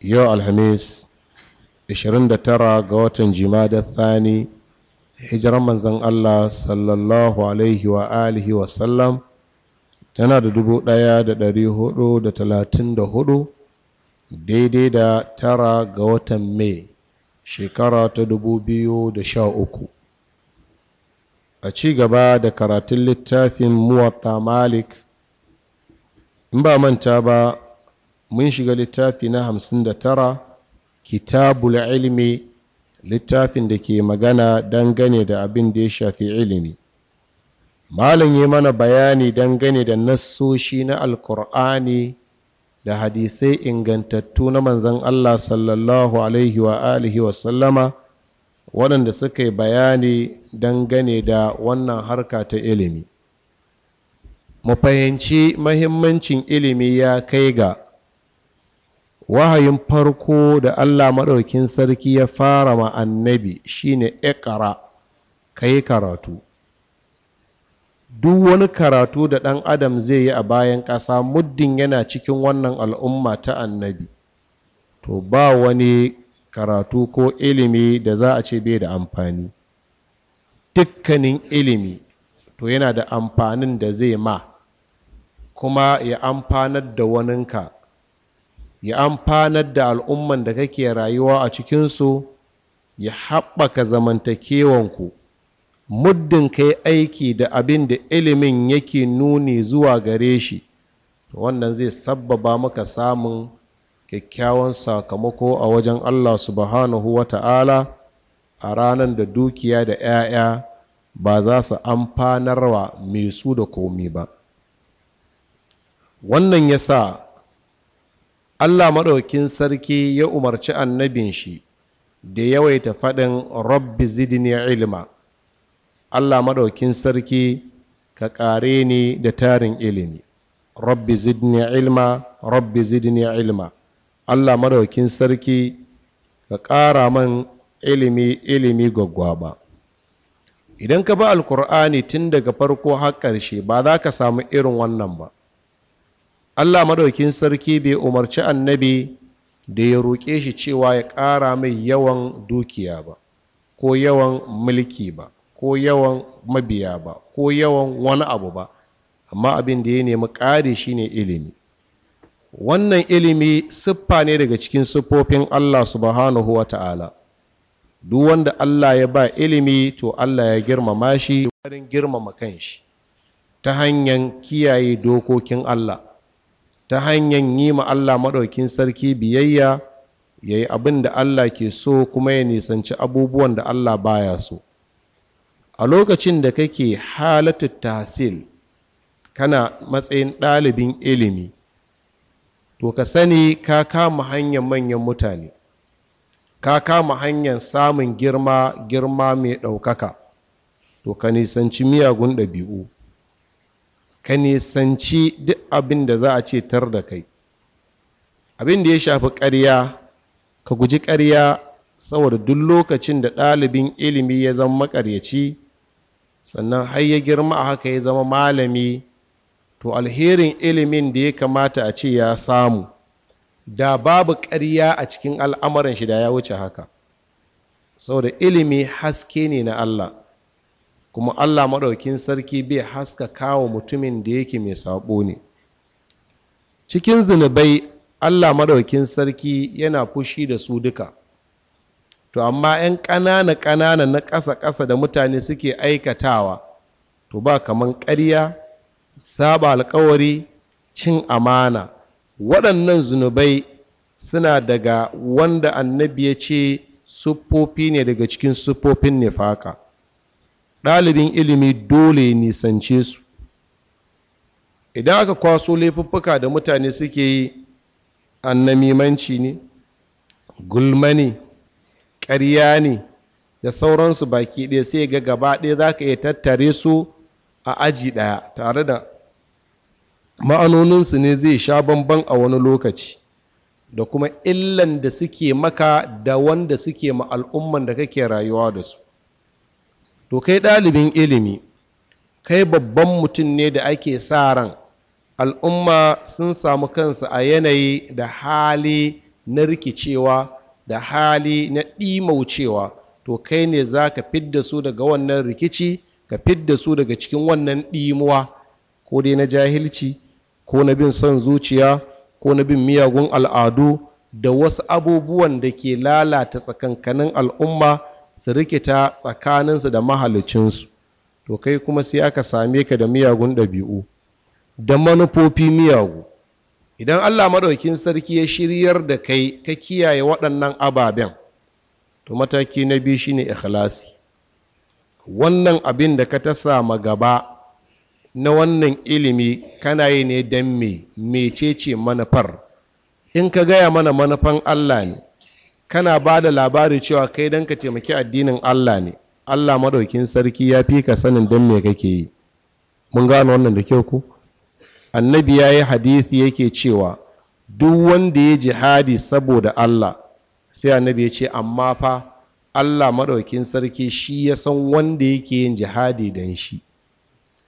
yau alhamis 29 ga watan jimadar thani hijiran manzan allah sallallahu alaihi wa alihi wasallam tana da 1434 daidai da tara ga watan mai shekara ta da sha uku. a ci gaba da karatun littafin muwatta malik in ba manta ba mun shiga littafi na hamsin da tara kitabul ilimi, littafin da ke magana dangane da abin da ya shafi ilimi malam yi mana bayani dangane da nassoshi na alkur'ani da hadisai ingantattu na manzan allah sallallahu alaihi wa alihi wasallama waɗanda suka yi bayani dangane da wannan harka ta ilimi mu fahimci mahimmancin ilimi ya kai ga wahayin farko da Allah maɗaukin sarki ya fara ma annabi shine ka yi karatu duk wani karatu da ɗan adam zai yi a bayan ƙasa muddin yana cikin wannan al'umma ta annabi to ba wani karatu ko ilimi da za a ce bai da amfani dukkanin ilimi to yana da amfanin da zai ma kuma ya amfanar da waninka ya amfanar da al'umman da kake rayuwa a cikinsu ya haɓaka zamantakewanku muddin kai aiki da abin da ilimin yake nuni zuwa gare shi wannan zai sabbaba maka samun kyakkyawan sakamako a wajen allah subhanahu wa ta'ala a ranar da dukiya da 'ya'ya ba za su amfanarwa mai su da komi ba wannan ya sa Allah maɗaukin sarki ya umarci annabin shi da yawaita faɗin rabbi zidni ilma Allah maɗaukin sarki ka ƙare ni da tarin ilimi rabbi zidni ilma rabbi zidni ilma Allah maɗaukin sarki ka ƙara man ilimi ilimi ba. idan ka bi alkur'ani tun daga farko har ƙarshe ba za ka samu irin wannan ba Allah maɗaukin sarki bai umarci annabi da ya roƙe shi cewa ya ƙara mai yawan dukiya ba ko yawan mulki ba ko yawan mabiya ba ko yawan wani abu ba amma abin da ya nemi ƙari shine ilimi wannan ilimi siffa ne daga cikin siffofin Allah subhanahu wa ta'ala duk wanda Allah ya ba ilimi to Allah ya girmama shi girmama shi. ta hanyar kiyaye dokokin Allah ta hanyar yi ma Allah maɗaukin sarki biyayya ya yi abin da Allah ke so kuma ya nisanci abubuwan da Allah baya so a lokacin da kake halatta tasil kana matsayin ɗalibin ilimi to ka sani ka kama hanyar manyan mutane ka kama hanyar samun girma girma mai ɗaukaka to ka nisanci miyagun ɗabi'u ka nisanci duk abin da za a ce tar da kai abin da ya shafi ƙarya ka guji ƙarya saboda duk lokacin da ɗalibin ilimi ya zama maƙaryaci sannan har ya girma a haka ya zama malami to alherin ilimin da ya kamata a ce ya samu da babu ƙarya a cikin al'amuran shi da ya wuce haka saboda ilimi haske ne na Allah kuma allah maɗaukin sarki bai haska kawo mutumin da yake mai saɓo ne cikin zunubai allah maɗaukin sarki yana fushi da su duka to amma 'yan ƙanana ƙanana na ƙasa-ƙasa da mutane suke aikatawa to ba kaman ƙarya saba alkawari cin amana waɗannan zunubai suna daga wanda annabi ya ce siffofi ne daga cikin siffofin nifaka ɗalibin ilimi dole nisance su idan aka kwaso laifuffuka da mutane suke yi annamimanci ne gulma ne ƙarya ne da sauransu baki ɗaya sai ga gaba ɗaya za ka iya tattare su a aji ɗaya tare da ma'anoninsu ne zai sha bamban a wani lokaci da kuma illan da suke maka da wanda suke ma al'umman da kake rayuwa da su to kai ɗalibin ilimi kai babban mutum ne da ake sa ran al'umma sun samu kansu a yanayi da hali na rikicewa da hali na ɗimaucewa to kai ne za ka fidda su daga wannan rikici ka fidda su daga cikin wannan ɗimuwa ko dai na jahilci ko na bin son zuciya ko na bin miyagun al'adu da wasu abubuwan da ke lalata tsakankanin al'umma su rikita tsakaninsu da mahalicinsu to kai kuma sai aka same ka da miyagun ɗabi'u da manufofi miyagu idan allah maɗaukin sarki ya shiryar da kai ka kiyaye waɗannan ababen to mataki na biyu shine ikhlasi wannan abin da ka ta sama gaba na wannan ilimi kana yi ne don me mecece manufar in ka gaya mana manufan allah ne kana ba da labari cewa kai don ka taimaki addinin allah ne allah maɗaukin sarki ya fi ka sanin don me kake yi mun gano wannan da kyau ku annabi ya yi hadithi yake cewa duk wanda ya jihadi saboda allah sai annabi ya ce amma fa allah maɗaukin sarki shi ya san wanda yake yin jihadi don shi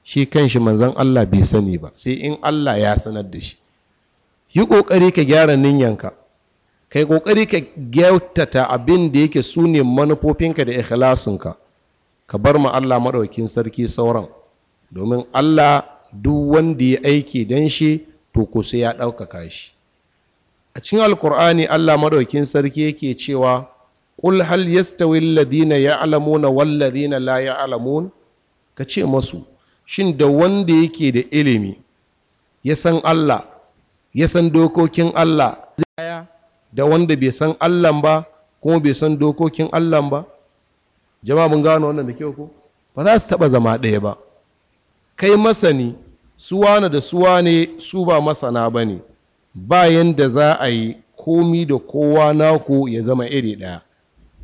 shi kan shi manzan allah bai sani ba sai in allah ya sanar da shi yi ƙoƙari ka gyara ninyanka kai kokari ka gyautata abin da yake su ne manufofinka da ikhlasinka ka bar ma Allah maɗaukin sarki sauran domin Allah duk wanda ya aiki don shi to ku sai ya ɗaukaka shi a cikin alkur'ani Allah maɗaukin sarki yake cewa qul hal yastawi alladhina ya'lamuna wal ladhina la ya'lamun ka ce masu shin da wanda yake da ilimi ya san Allah ya san dokokin Allah da wanda bai san allan ba kuma bai san dokokin allan ba jama'a mun gano wannan da kyau ko ba za su taba zama ɗaya ba kai masani suwana da suwane su ba masana ba ne da da za a yi komi da kowa naku ya zama iri ɗaya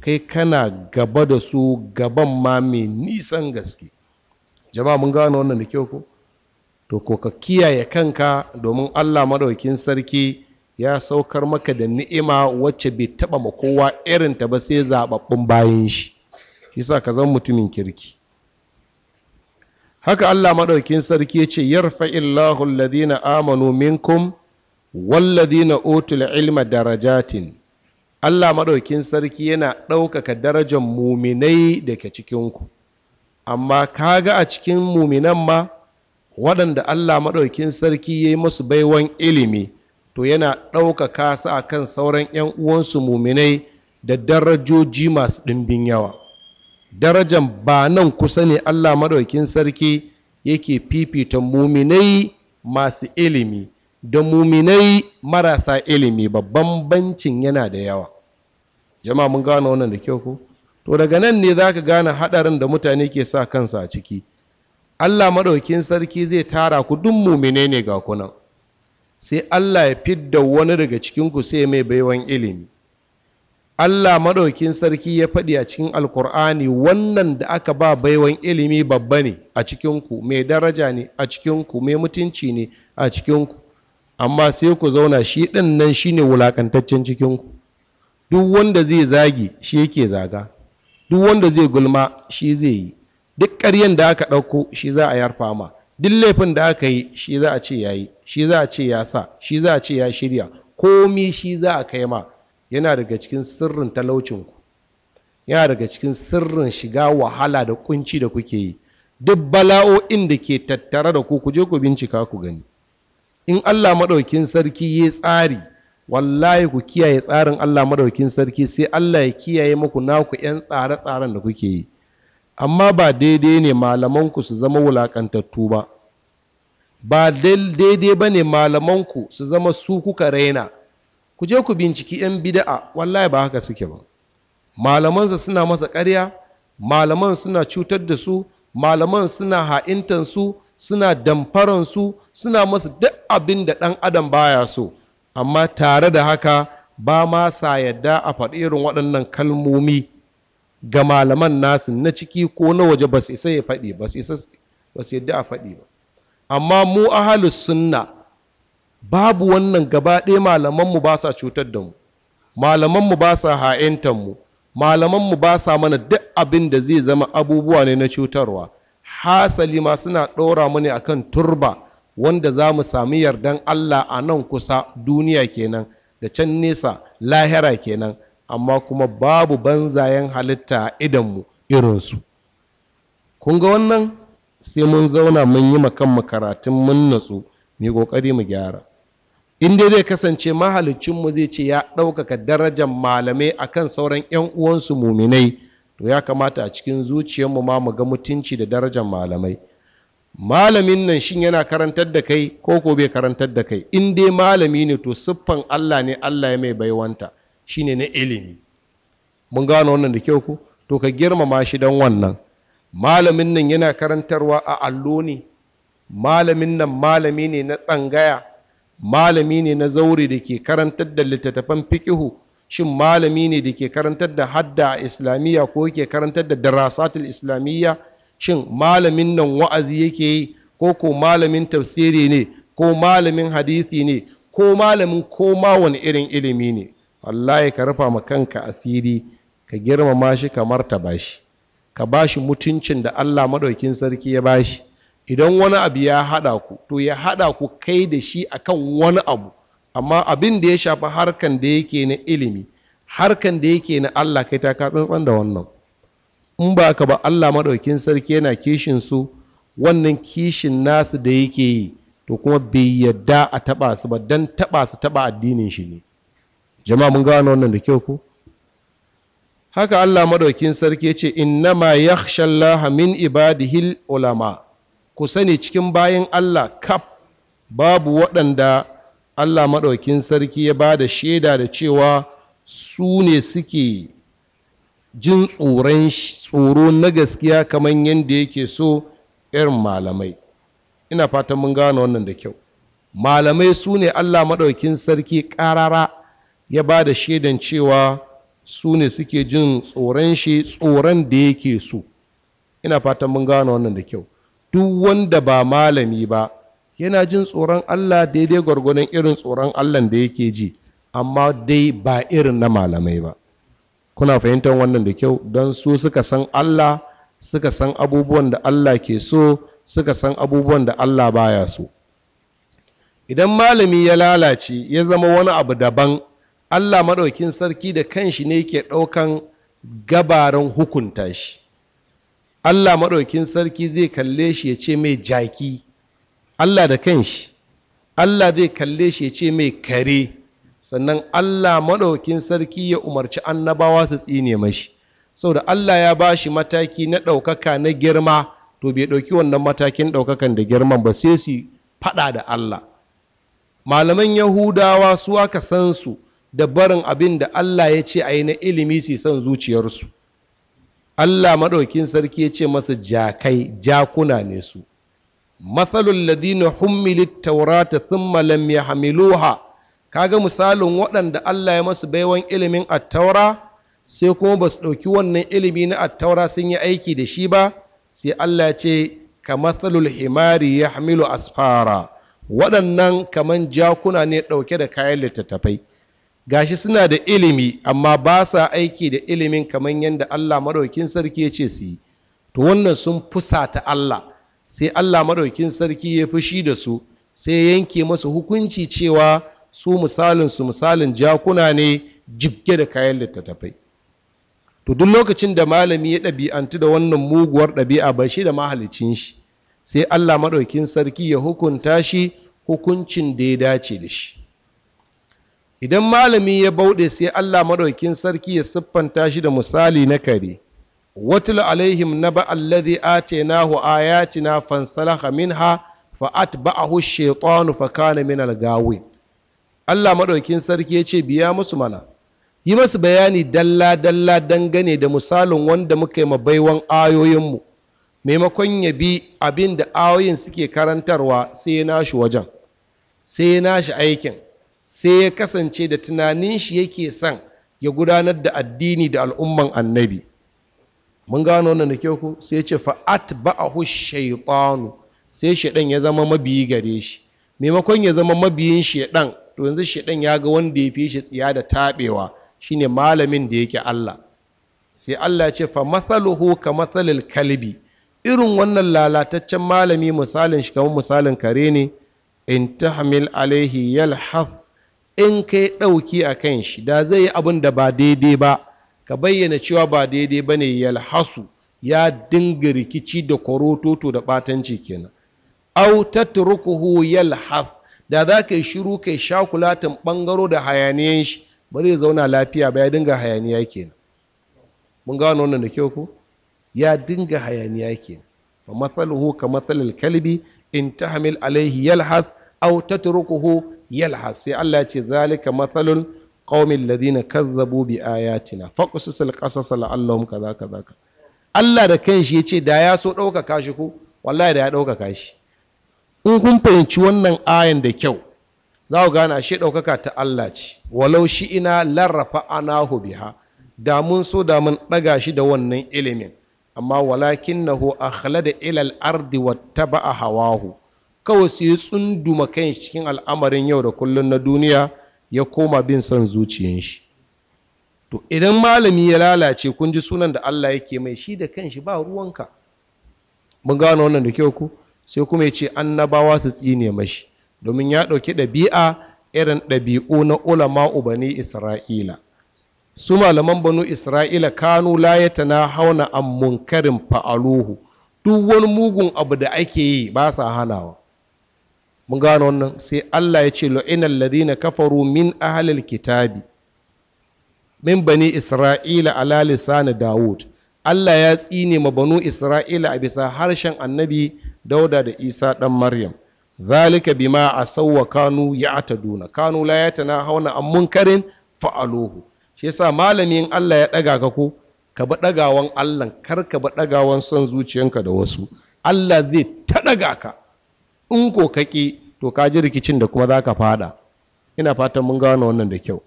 kai kana gaba da su gaban ma mai nisan gaske jama'a mun gano wannan da kyau ko to ko ka kiyaye kanka domin allah maɗaukin sarki ya saukar maka da ni'ima wacce bai taba ma kowa irinta ba sai zababbun bayan shi shi sa ka zama mutumin kirki haka Allah maɗaukin sarki ya ce yarfa'illahu alladhina amanu minkum walladhina utul ilma darajatin Allah maɗaukin sarki yana ɗaukaka darajar muminai da ke cikinku amma kaga a cikin muminan ma waɗanda Allah maɗaukin sarki ya yi musu baiwan ilimi to yana ɗaukaka su a kan sauran 'yan uwansu muminai da darajoji masu ɗimbin yawa darajan ba nan kusa ne allah maɗaukin sarki yake fifita muminai masu ilimi da muminai marasa ilimi babban bancin yana da yawa jama'a mun gano wannan da kyau ko to daga nan ne za ka gane haɗarin da mutane ke sa kansa a ciki allah maɗaukin sarki zai tara ku duk mumine ne ga kunan sai Allah ya fidda wani daga cikinku sai mai baiwan ilimi Allah maɗaukin sarki ya faɗi a cikin alkur'ani wannan da aka ba baiwan ilimi babba ne a cikinku mai daraja ne a cikinku mai mutunci ne a cikinku amma sai ku zauna shi ɗin nan shi ne wulaƙantaccen cikinku duk wanda zai zagi shi yake zaga duk wanda zai gulma shi zai yi duk ƙaryen da aka ɗauko shi za a yarfa ma duk laifin da aka yi shi za a ce ya yi shi za a ce ya sa shi za a ce ya shirya komi shi za a kai ma yana daga cikin sirrin talaucinku yana daga cikin sirrin shiga wahala da kunci da kuke yi duk bala'o'in da ke tattare da ku ku je ku bincika ku gani in allah maɗaukin sarki ya tsari wallahi ku kiyaye tsarin allah maɗaukin sarki sai allah ya kiyaye muku naku 'yan tsare-tsaren da kuke yi amma ba daidai ne malamanku su zama wulaƙantattu ba ba daidai ba ne malamanku su zama su kuka raina ku je ku binciki 'yan bida'a wallahi ba haka suke ba malamansa suna masa ƙarya malaman suna cutar da su malaman suna ha'intansu suna damfaransu suna masu duk abin da ɗan adam baya so amma tare da haka ba ma sa yadda a faɗi irin waɗannan kalmomi ga malaman nasu na ciki ko na waje ba su isa ya faɗi ba su yadda a faɗi ba amma mu ahalus sunna babu wannan gaba ɗaya malamanmu ba sa cutar da mu malamanmu ba sa ha'intan mu malamanmu ba sa mana duk abin da zai zama abubuwa ne na cutarwa hasali ma suna ɗora mani ne akan turba wanda za mu sami yardan allah a nan kusa duniya kenan da can nesa lahira kenan amma kuma babu banzayen halitta a idanmu irinsu kun ga wannan sai mun zauna mun yi makan karatun mun natsu mai kokari mu gyara in zai kasance mahalicinmu zai ce ya ɗaukaka darajar malamai a kan sauran 'yan uwansu muminai to ya kamata a cikin zuciyarmu ma mu ga mutunci da darajar malamai malamin nan shin yana karantar da kai ko ko bai karantar da kai in dai malami ne to siffan allah ne allah ya mai baiwanta shine na ilimi mun gano wannan da kyau ko to ka girmama shi don wannan malamin nan yana karantarwa a allo ne malamin nan malami ne na tsangaya malami ne na zaure da ke karantar da littattafan fikihu shin malami ne da ke karantar da hadda a islamiyya ko ke karantar da darasatul islamiyya shin malamin nan wa'azi yake yi ko ko malamin tafsiri ne ko malamin hadithi ne ko malamin koma wani irin ilimi ne Allah ka karfa ma kanka asiri ka girmama shi kamar martaba shi ka bashi mutuncin da Allah Madaukin sarki ya bashi. idan wani abu ya haɗa ku to ya haɗa ku kai da shi akan wani abu amma abin da ya shafi harkan da yake na ilimi harkan da yake na Allah kai ta ka tsantsan da wannan in ba ka ba Allah Madaukin sarki yana kishin su wannan kishin nasu da yake yi to kuma bai yadda a taɓa su ba dan taɓa su taɓa addinin shi ne jama'a mun gano wannan da kyau ko haka Allah madaukin sarki ya ce innama yakhshallaha min ibadihil ulama ku sani cikin bayan Allah kaf babu waɗanda Allah madaukin sarki ya bada da shaida da cewa su ne suke jin tsoron tsoro na gaskiya kamar yadda yake so irin malamai ina fatan mun gano wannan da kyau malamai su ne Allah madaukin sarki ƙarara ya ba da shaidan cewa su ne suke jin tsoron shi tsoron da yake so ina fatan mun gano wannan da kyau duk wanda ba malami ba yana jin tsoron allah daidai gwargwadon irin tsoron allah da yake ji amma dai ba irin na malamai ba kuna fahimtar wannan da kyau don su suka san allah suka san abubuwan da allah ke so suka san abubuwan da allah baya so idan malami ya lalace ya zama wani abu daban allah maɗaukin sarki da kanshi ne ke ɗaukan gabaran hukunta shi allah maɗaukin sarki zai kalle shi ya ce mai jaki allah da kanshi allah zai kalle shi ya ce mai kare sannan allah maɗaukin sarki ya umarci annabawa su tsine mashi saboda allah ya ba shi mataki na ɗaukaka na girma to bai ɗauki wannan matakin ɗaukakan da girma ba sai su faɗa da allah malaman yahudawa su aka san su da barin abin da Allah ya ce a yi na ilimi su san zuciyarsu Allah maɗaukin sarki ya ce masa jakai jakuna ne su matsalul ladina hummilit taurata thumma lam Ka kaga misalin waɗanda Allah ya masu baiwan ilimin attaura sai kuma ba su ɗauki wannan ilimi na attaura sun yi aiki da shi ba sai Allah ya ce ka matsalul himari ya hamilu asfara waɗannan kaman jakuna ne ɗauke da kayan littattafai gashi suna da ilimi amma ba sa aiki da ilimin kamar yadda Allah maɗaukin sarki ya ce su yi to wannan sun fusata Allah sai Allah maɗaukin sarki ya fushi da su sai yanke masu hukunci cewa su misalin su misalin jakuna ne jibge da kayan littattafai to duk lokacin da malami ya ɗabi'antu da wannan muguwar ɗabi'a ba shi da mahalicin shi sai Allah maɗaukin sarki ya hukunta shi hukuncin da ya dace da shi idan malami ya bauɗe sai allah maɗaukin sarki ya siffanta shi da misali na kare watul alaihim na ba'alladhi atainahu ayatina fansalaha minha fa atba'ahu shaytanu fa kana min algawi allah maɗaukin sarki ya ce biya musu mana yi masu bayani dalla dalla dangane da misalin wanda muka yi ma baiwan ayoyinmu maimakon ya bi abin da ayoyin suke karantarwa sai ya nashi wajen sai ya nashi aikin sai ya kasance da tunanin shi yake son ya gudanar da addini da al'umman annabi mun gano wannan da kyau ku sai ya ce fa'at ba'ahu shaytanu sai shaidan ya zama mabiyi gare shi maimakon ya zama mabiyin shaidan to yanzu shaidan ya ga wanda ya fi shi tsiya da tabewa shine malamin da yake Allah sai Allah ya ce fa mathaluhu ka mathalil kalbi irin wannan lalataccen malami misalin shi kamar misalin kare ne in tahmil alaihi yalhath in kai ɗauki a kan shi da zai yi abin da ba daidai ba ka bayyana cewa ba daidai ba ne yalhasu ya dinga rikici da korototo da ɓatanci kenan au tatrukuhu yalhas. da za ka yi shiru kai kulatin ɓangaro da hayaniyan shi ba zai zauna lafiya ba ya dinga hayaniya kenan mun gano wannan da kyau ko ya dinga hayaniya kenan fa ka mathalil kalbi in tahmil alaihi yalhath aw tatrukuhu Yalha sai Allah ce zalika mathalun qaumin ladina kazzabu bi ayatina faqsus alqasas la'allahum kaza kaza Allah da kanshi yace da ya so ɗaukaka shi ko wallahi da ya ɗaukaka shi in kun fahimci wannan ayan da kyau za ku gane ashe ɗaukaka ta Allah ce walau shi ina larrafa anahu biha da mun so da mun ɗaga shi da wannan ilimin amma walakin nahu akhlada ilal ardi wattaba'a hawahu kawai su yi tsunduma kan cikin al'amarin yau da kullum na duniya ya koma bin son zuciyar shi to idan malami ya lalace kun ji sunan da Allah yake mai shi da kanshi ba ruwanka mun gano wannan da kyau ku sai kuma ya ce annabawa su tsine mashi domin ya ɗauki ɗabi'a irin ɗabi'u na ulama ubani isra'ila su malaman banu isra'ila kanu layata na hauna an munkarin fa'aluhu duk wani mugun abu da ake yi ba sa hanawa mun gano wannan sai Allah ya ce lo'inan ladina kafaru min ahalil kitabi min bani isra'ila ala lisani dawud Allah ya tsine ma banu isra'ila a bisa harshen annabi dauda da isa dan maryam zalika bima a kanu ya'taduna kanu la yatana hauna an karin fa'aluhu shi yasa malamin Allah ya daga ka ko ka ba dagawan Allah kar ka ba ɗagawan son zuciyanka da wasu Allah zai ta daga ka in ko kaki to ka ji rikicin da kuma za ka fada ina fatan mun gano wannan da kyau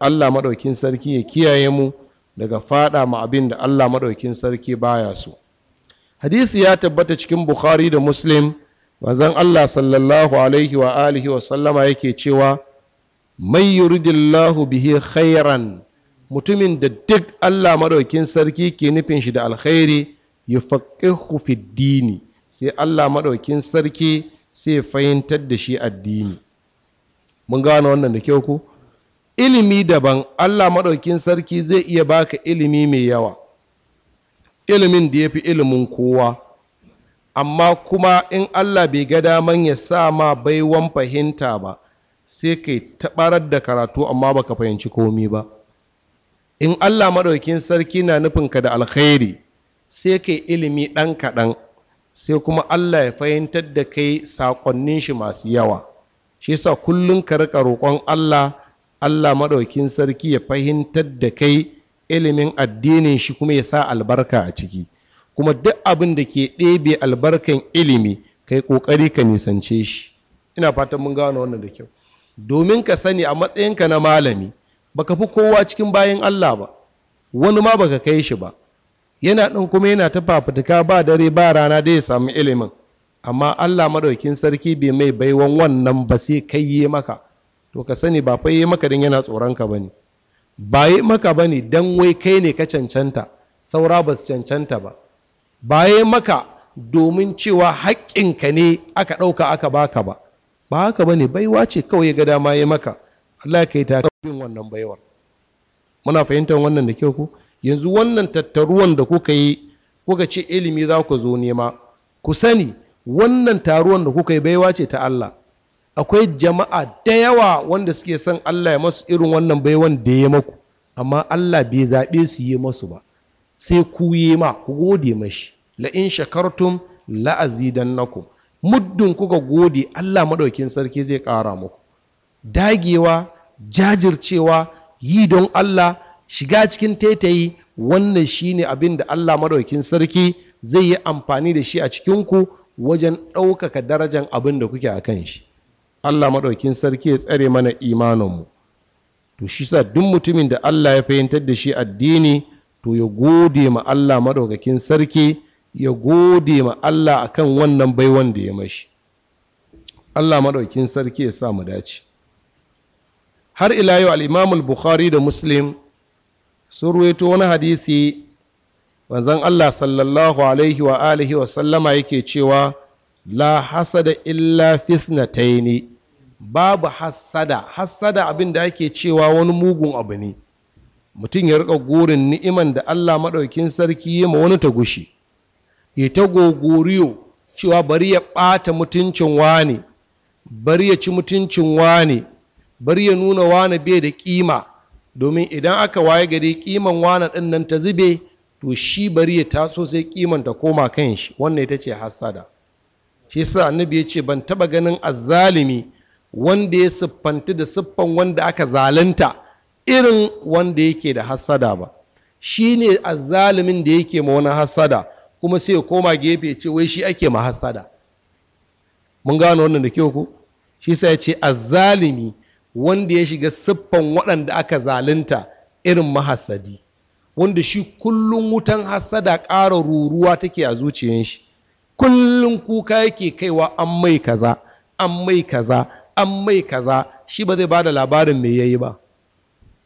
allah maɗaukin sarki ya kiyaye mu daga fada ma abin da allah maɗaukin sarki baya so hadisi ya tabbata cikin bukhari da muslim manzon allah sallallahu alaihi wa alihi wa sallama yake cewa mai yuridillahu bihi khairan mutumin da duk allah maɗaukin sarki ke nufin shi da alkhairi ya faƙi fi dini sai Allah maɗaukin sarki sai fahimtar da shi addini mun gano wannan da kyau ko ilimi daban Allah maɗaukin sarki zai iya baka ilimi mai yawa ilimin da ya fi ilimin kowa amma kuma in Allah bai ga daman ya sa ma baiwan fahimta ba sai kai taɓarar da karatu amma baka fahimci komi ba in Allah maɗaukin sarki na nufinka da alkhairi sai kai ilimi ɗan kaɗan sai kuma Allah ya fahimtar da kai saƙonnin shi masu yawa shi sa kullum ka rika roƙon Allah Allah maɗaukin sarki ya fahimtar da kai ilimin addinin shi kuma ya sa albarka a ciki kuma duk abin da ke ɗebe albarkan ilimi kai ƙoƙari ka nisance shi ina fatan mun gano wannan da kyau domin ka sani a matsayinka na malami baka fi kowa cikin bayan Allah ba wani ma baka kai shi ba yana ɗin kuma yana ta fafutuka ba dare ba rana dai ya samu ilimin amma allah maɗaukin sarki bai mai baiwan wannan ba sai kai yi maka to ka sani ba fai yi maka don yana tsoron ka bane ba yi maka bane don wai kai ne ka cancanta saura ba su cancanta ba ba yi maka domin cewa haƙƙinka ne aka ɗauka aka baka ba ba haka bane baiwa ce kawai ga dama yi maka allah ka yi ta bin wannan baiwar muna fahimtar wannan da kyau ko. yanzu wannan tattaruwan da kuka yi kuka ce ilimi za ku zo nema ku sani wannan taruwan da kuka yi baiwa ce ta Allah akwai jama'a da yawa wanda suke son Allah ya masu irin wannan baiwan da ya maku amma Allah bai zaɓe su yi masu ba sai ku yi ma ku gode mashi la in shakartum la azidannakum muddin kuka gode Allah maɗaukin sarki zai ƙara muku dagewa jajircewa yi don Allah shiga cikin taitayi wannan shine abin da Allah maɗaukin sarki zai yi amfani da shi a cikinku wajen ɗaukaka darajan abin da kuke a kan shi Allah madaukin sarki ya tsare mana imaninmu to shi sa duk mutumin da Allah ya fahimtar da shi addini to ya gode ma Allah madaukakin sarki ya gode ma Allah akan wannan baiwan da ya mashi Allah maɗaukin sarki ya sa mu dace har ila yau al-Imam bukhari da Muslim sun ruwaito wani hadisi wanzan Allah sallallahu alaihi wa alihi wa sallama yake cewa la hasada illa fitnataini babu hasada hassada abin da ake cewa wani mugun abu ne mutum ya rika gorin ni'iman da Allah maɗaukin sarki ya ma wani tagushi ya ta gogoriyo cewa bari ya ɓata mutuncin wane bari ya ci mutuncin wane bari ya nuna wani bai da ƙima domin idan aka waye gari kiman wana ɗin nan ta zube to shi bari ya taso sai kiman ta koma kan shi wannan ita ce hasada. shi sa annabi ya ce ban taba ganin azzalimi wanda ya siffanti da siffan wanda aka zalunta irin wanda yake da hasada ba shi ne azzalimin da yake ma wani hasada kuma sai ya koma gefe ce wai shi ake ma hasada. mun gano wannan da kyau ku shi sa ya ce azzalimi wanda ya shiga siffan waɗanda aka zalunta irin mahasadi wanda shi kullum wutan hasada ƙara ruruwa take a zuciyar shi kullum kuka yake kaiwa an mai kaza an mai kaza an mai kaza shi ba zai ba da labarin me yayi ba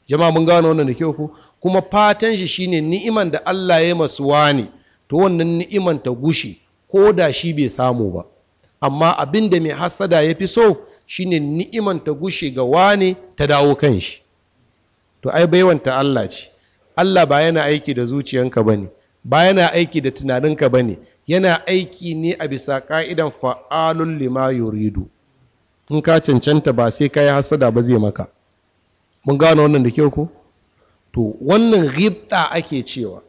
jama'a mun gano wannan da kyau ku kuma fatan shi shine ni'iman da Allah ya masu wani to wannan ni'iman ta gushi ko da shi bai samu ba amma abin da mai hasada ya fi so shine ni'iman ta gushe ga wane ta dawo kan shi to ai baiwanta Allah ce Allah ba yana aiki da zuciyanka bane ba yana aiki da tunaninka bane yana aiki ne a bisa ka'idan fa'alun lima yuridu in ka cancanta ba sai ka yi hasada ba zai maka mun gano wannan da kyau ko to wannan ghibta ake cewa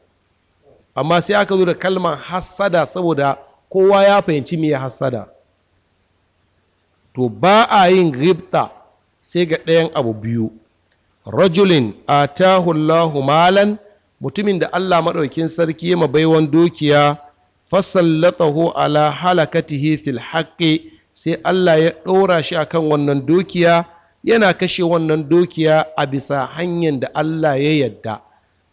amma sai aka zo da kalmar hasada saboda kowa ya fahimci me hasada to ba a yin ribta sai ga ɗayan abu biyu rajulin a atahullahu malan mutumin da allah maɗaukin sarki ma baiwan dukiya fasallatahu ala halakati fil haƙƙi, sai allah ya ɗora shi akan wannan dukiya yana kashe wannan dukiya a bisa hanyar da allah ya yadda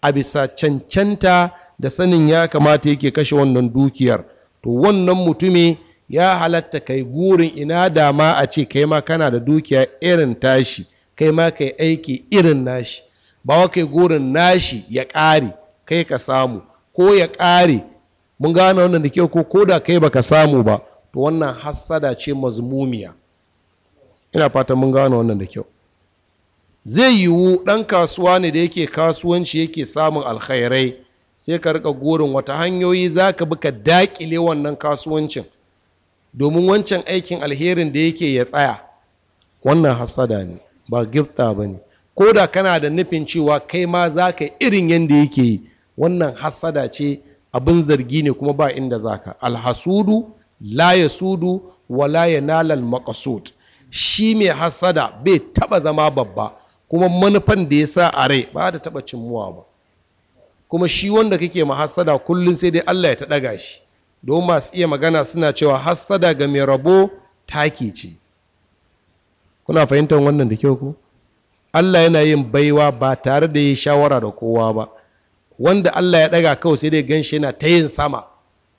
a bisa cancanta da sanin ya kamata yake kashe wannan dukiyar to wannan mutumi ya halatta kai gurin ina dama a ce kai ma kana da dukiya irin tashi kai ma kai aiki irin nashi ba wa kai gurin nashi ya ƙare kai ka samu ko ya ƙare mun gane wannan da kyau ko da kai baka samu ba to wannan hassada ce mazmumiya ina fatan mun gane wannan da kyau zai yiwu ɗan kasuwa ne da yake kasuwanci yake samun alkhairai sai ka rika gurin wata hanyoyi za ka bi ka daƙile wannan kasuwancin domin wancan aikin alherin da yake ya tsaya wannan hassada ne ba gifta ba ne ko da kana da nufin cewa kai ma za ka irin yadda yake yi wannan hassada ce abin zargi ne kuma ba inda za ka alhasudu la ya sudu wa la ya nalal makasud shi mai hassada bai taba zama babba kuma manufan da ya sa a rai ba ta taba cimmuwa ba kuma shi wanda kake ma hassada kullum sai dai allah ya ta ɗaga shi don masu iya magana suna cewa hassada ga mai rabo taki ce kuna fahimtar wannan da kyau ku allah yana yin baiwa ba tare da yi shawara da kowa ba wanda allah ya ɗaga kawai sai dai gan shi yana ta yin sama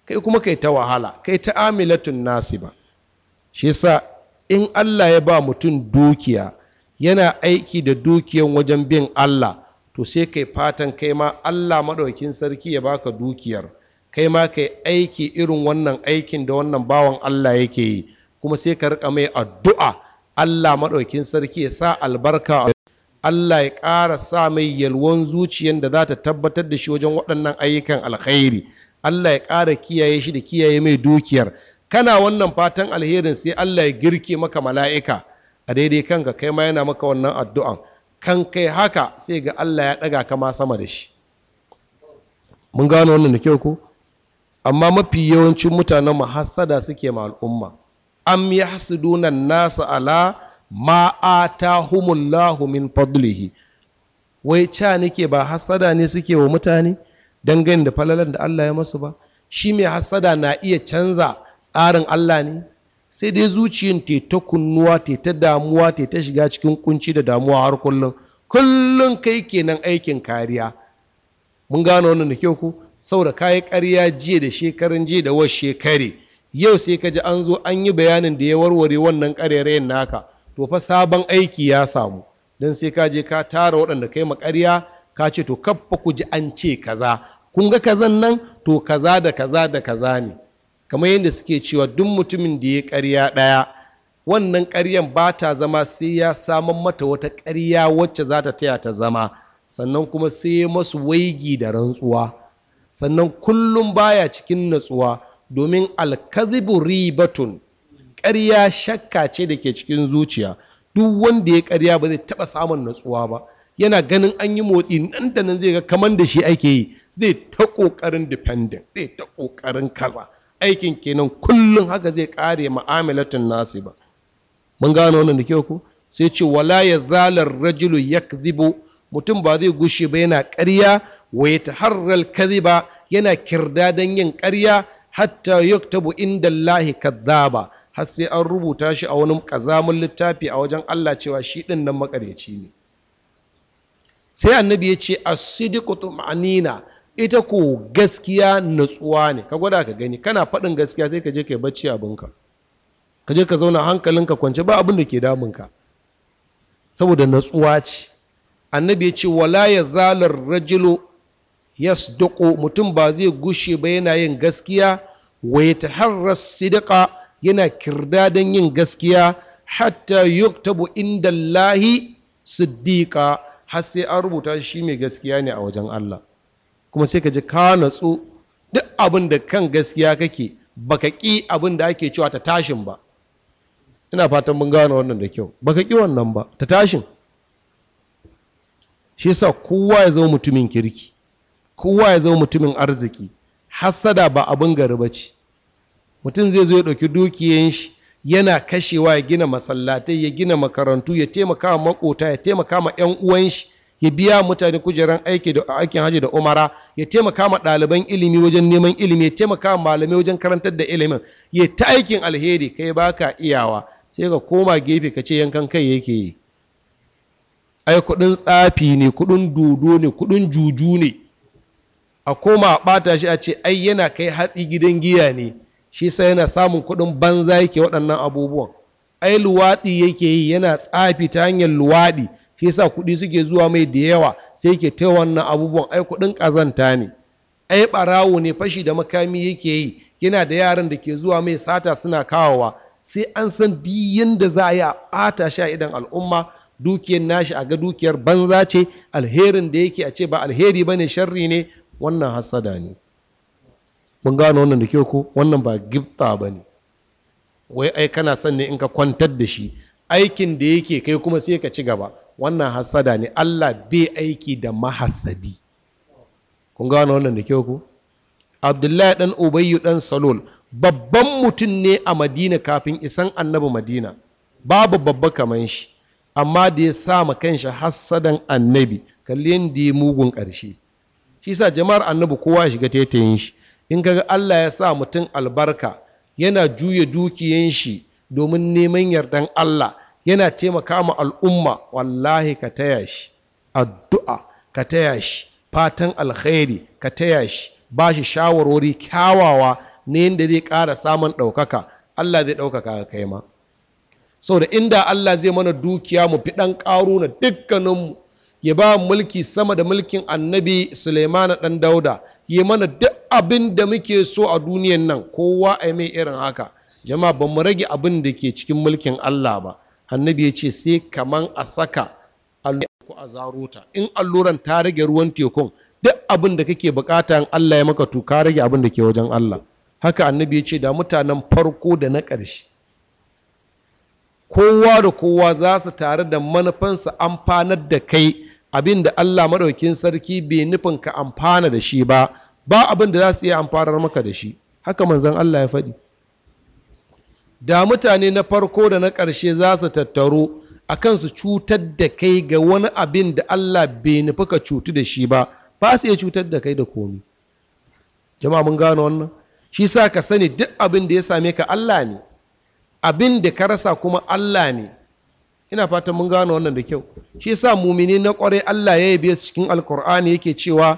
kai kuma kai ta wahala kai ta amilatun nasi ba shi yasa in allah ya ba mutum dukiya yana aiki da dukiyan wajen bin allah to sai kai fatan kai ma allah maɗaukin sarki ya baka dukiyar kai ma kai aiki irin wannan aikin da wannan bawan Allah yake yi kuma sai ka rika mai addu'a Allah maɗaukin sarki ya sa albarka Allah ya ƙara sa mai yalwan zuciyar da za ta tabbatar da shi wajen waɗannan ayyukan alkhairi Allah ya ƙara kiyaye shi da kiyaye mai dukiyar kana wannan fatan alherin sai Allah ya girke maka mala'ika a daidai kanka kai ma yana maka wannan addu'an kan kai haka sai ga Allah ya ɗaga ka ma sama da shi mun gano wannan da kyau ko amma mafi yawancin mutanen mu hasada suke ma al'umma am yahsuduna nasa ala ma atahumullahu min fadlihi wai ca nake ba hasada ne suke wa mutane dangane da falalan da Allah ya masu ba shi mai hasada na iya canza tsarin Allah ne sai dai zuciyin te ta kunnuwa te ta damuwa te ta shiga cikin kunci da damuwa har kullum kullum kai kenan aikin kariya mun gano wannan da kyau ko saboda kayi karya jiya da shekarun jiya da wasu shekare yau sai ka ji an zo an yi bayanin da ya warware wannan ƙarerayen naka to fa sabon aiki ya samu don sai ka je ka tara waɗanda kai makarya ka ce to kaffa ku ji an ce kaza kun ga kazan nan to kaza da kaza da kaza ne kamar yadda suke cewa duk mutumin da ya karya ɗaya wannan karyan ba ta zama sai ya samun mata wata karya wacce za ta taya ta zama sannan kuma sai masu waigi da rantsuwa sannan kullum baya cikin natsuwa domin alkazibu ribatun ƙarya shakka ce da ke cikin zuciya duk wanda ya ƙarya ba zai taɓa samun natsuwa ba yana ganin an yi motsi nan da nan zai ga kamar da shi ake yi zai ta ƙoƙarin dependent zai ta ƙoƙarin kaza aikin kenan kullum haka zai ƙare ma'amilatin nasi ba mun gano wannan da kyau ku sai ce wala ya zalar rajulu yakzibu mutum ba zai gushe ba yana ƙarya wa ya taharral kadhiba yana kirda dan yin ƙarya hatta yuktabu inda Allah kadhaba har sai an rubuta shi a wani kazamun littafi a wajen Allah cewa shi ɗin nan makaryaci ne sai annabi ya ce asidiku tumanina ita ko gaskiya natsuwa ne ka gwada ka gani kana faɗin gaskiya sai ka je kai bacci abinka ka je ka zauna hankalinka kwance ba abin da ke damunka saboda natsuwa ce annabi ya ce wala ya zalar rajulu mutum ba zai gushe ba yana yin gaskiya wa harar sidika yana kirdadan yin gaskiya hatta yuktabu inda lahi siddiqa har sai an rubuta shi mai gaskiya ne a wajen Allah kuma sai ka ji ka natsu duk abin da kan gaskiya kake baka ƙi abin da ake cewa ta tashin ba ina fatan mun gane wannan da kyau baka ƙi wannan ba ta tashin shi yasa kowa ya zama mutumin kirki kowa ya zama mutumin arziki hassada ba abin gari ba ce mutum zai zo ya ɗauki dukiyan shi yana kashewa ya gina masallatai ya gina makarantu ya taimaka ma makota ya taimaka ma 'yan uwan shi ya biya mutane kujeran aiki da aikin hajji da umara ya taimaka ma ɗaliban ilimi wajen neman ilimi ya taimaka ma malamai wajen karantar da ilimin ya ta aikin alheri kai baka iyawa sai ka koma gefe ka ce yankan kai yake yi ai kudin tsafi ne kudin dodo ne kudin juju ne a koma a bata shi a ce ai yana kai hatsi gidan giya ne shi sai yana samun kudin banza yake waɗannan abubuwan ai luwaɗi yake yi yana tsafi ta hanyar luwaɗi shi sa kuɗi suke zuwa mai da yawa sai yake ta wannan abubuwan ai kuɗin ƙazanta ne ai ɓarawo ne fashi da makami yake yi yana da yaran da ke zuwa mai sata suna kawowa sai an san diyanda da za a yi a ɓata shi a idan al'umma dukiyar nashi a ga dukiyar banza ce alherin da yake a ce ba alheri ba ne sharri ne wannan hasada ne mun gano wannan da kyau ko wannan ba gifta ba ne wai ai kana son ne in ka kwantar da shi aikin da yake kai kuma sai ka ci gaba wannan hasada ne allah bai aiki da mahasadi kun gano wannan da kyau ko abdullahi dan ubayyu dan salol babban mutum ne a madina kafin isan annabi madina babu babba kamar shi amma da ya sa ma kanshi hassadan annabi kalli yadda ya mugun ƙarshe shi sa jama'ar annabi kowa ya shiga taitayin shi in kaga Allah ya sa mutum albarka yana juya dukiyan shi domin neman yardan Allah yana taimaka ma al'umma wallahi ka taya shi addu'a ka taya shi fatan alkhairi ka taya shi ba shi shawarwari kyawawa na yadda zai ƙara samun ɗaukaka Allah zai ɗaukaka ka kai ma saboda inda Allah zai mana dukiya mu fi ɗan ƙaro na dukkaninmu ya ba mulki sama da mulkin annabi Suleiman ɗan Dauda ya mana duk abin da muke so a duniyan nan kowa a mai irin haka jama'a ba mu rage abin da ke cikin mulkin Allah ba annabi ya ce sai kaman a saka ko a zarota in alluran ta rage ruwan tekun duk abin da kake bukata in Allah ya maka to ka rage abin da ke wajen Allah haka annabi ya ce da mutanen farko da na ƙarshe kowa da kowa za su tare da manufansa amfanar da kai abin da allah maɗaukin sarki bai nufin ka amfana da shi ba ba abin da za su iya amfanar maka da shi haka manzon allah ya faɗi da mutane na farko da na ƙarshe za su tattaro a kan su cutar da kai ga wani abin da allah bai nufi ka cutu da shi ba ba su iya cutar da kai da komi jama'a mun gano wannan shi sa ka sani duk abin da ya same ka allah ne abin da ka rasa kuma Allah ne ina fatan mun gano wannan da kyau shi yasa mumini na kwarai Allah ya yabe su cikin alkur'ani yake cewa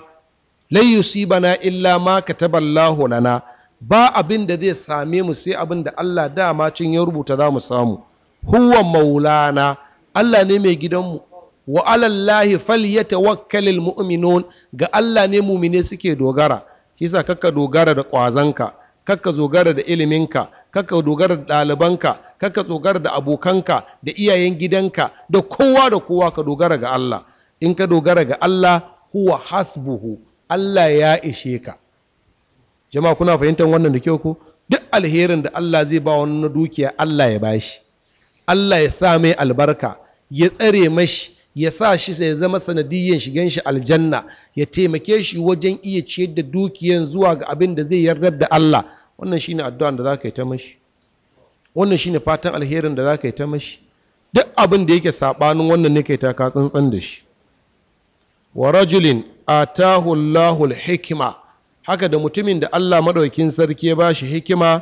la bana illa ma kataballahu lana ba abin da zai same mu sai abin da Allah dama cin ya rubuta za mu samu huwa maulana Allah ne mai gidanmu wa alallahi tawakkalin mu'minun ga Allah ne mumine suke dogara shi yasa kakka dogara da kwazanka kakka zogara da iliminka kakka dogara da ɗalibanka kakka tsogara da abokanka da iyayen gidanka da kowa da kowa ka dogara ga Allah in ka dogara ga Allah huwa hasbuhu Allah ya ishe ka jama'a kuna fahimtar wannan da kyau ko duk alherin da Allah zai ba wani na dukiya Allah ya bashi Allah ya sa mai albarka ya tsare mashi ya sa shi sai zama sanadiyyan shigan shi aljanna ya taimake shi wajen iya ciyar da dukiyan zuwa ga abin da zai yarda da Allah wannan shine addu'an da zaka yi ta mashi wannan shine fatan alherin da zaka yi ta mashi duk abin da yake saɓanin wannan kai, ta ka tsantsan da shi wa rajulin atahu Allahu al-hikma haka da mutumin da Allah madaukin sarki ya ba shi hikima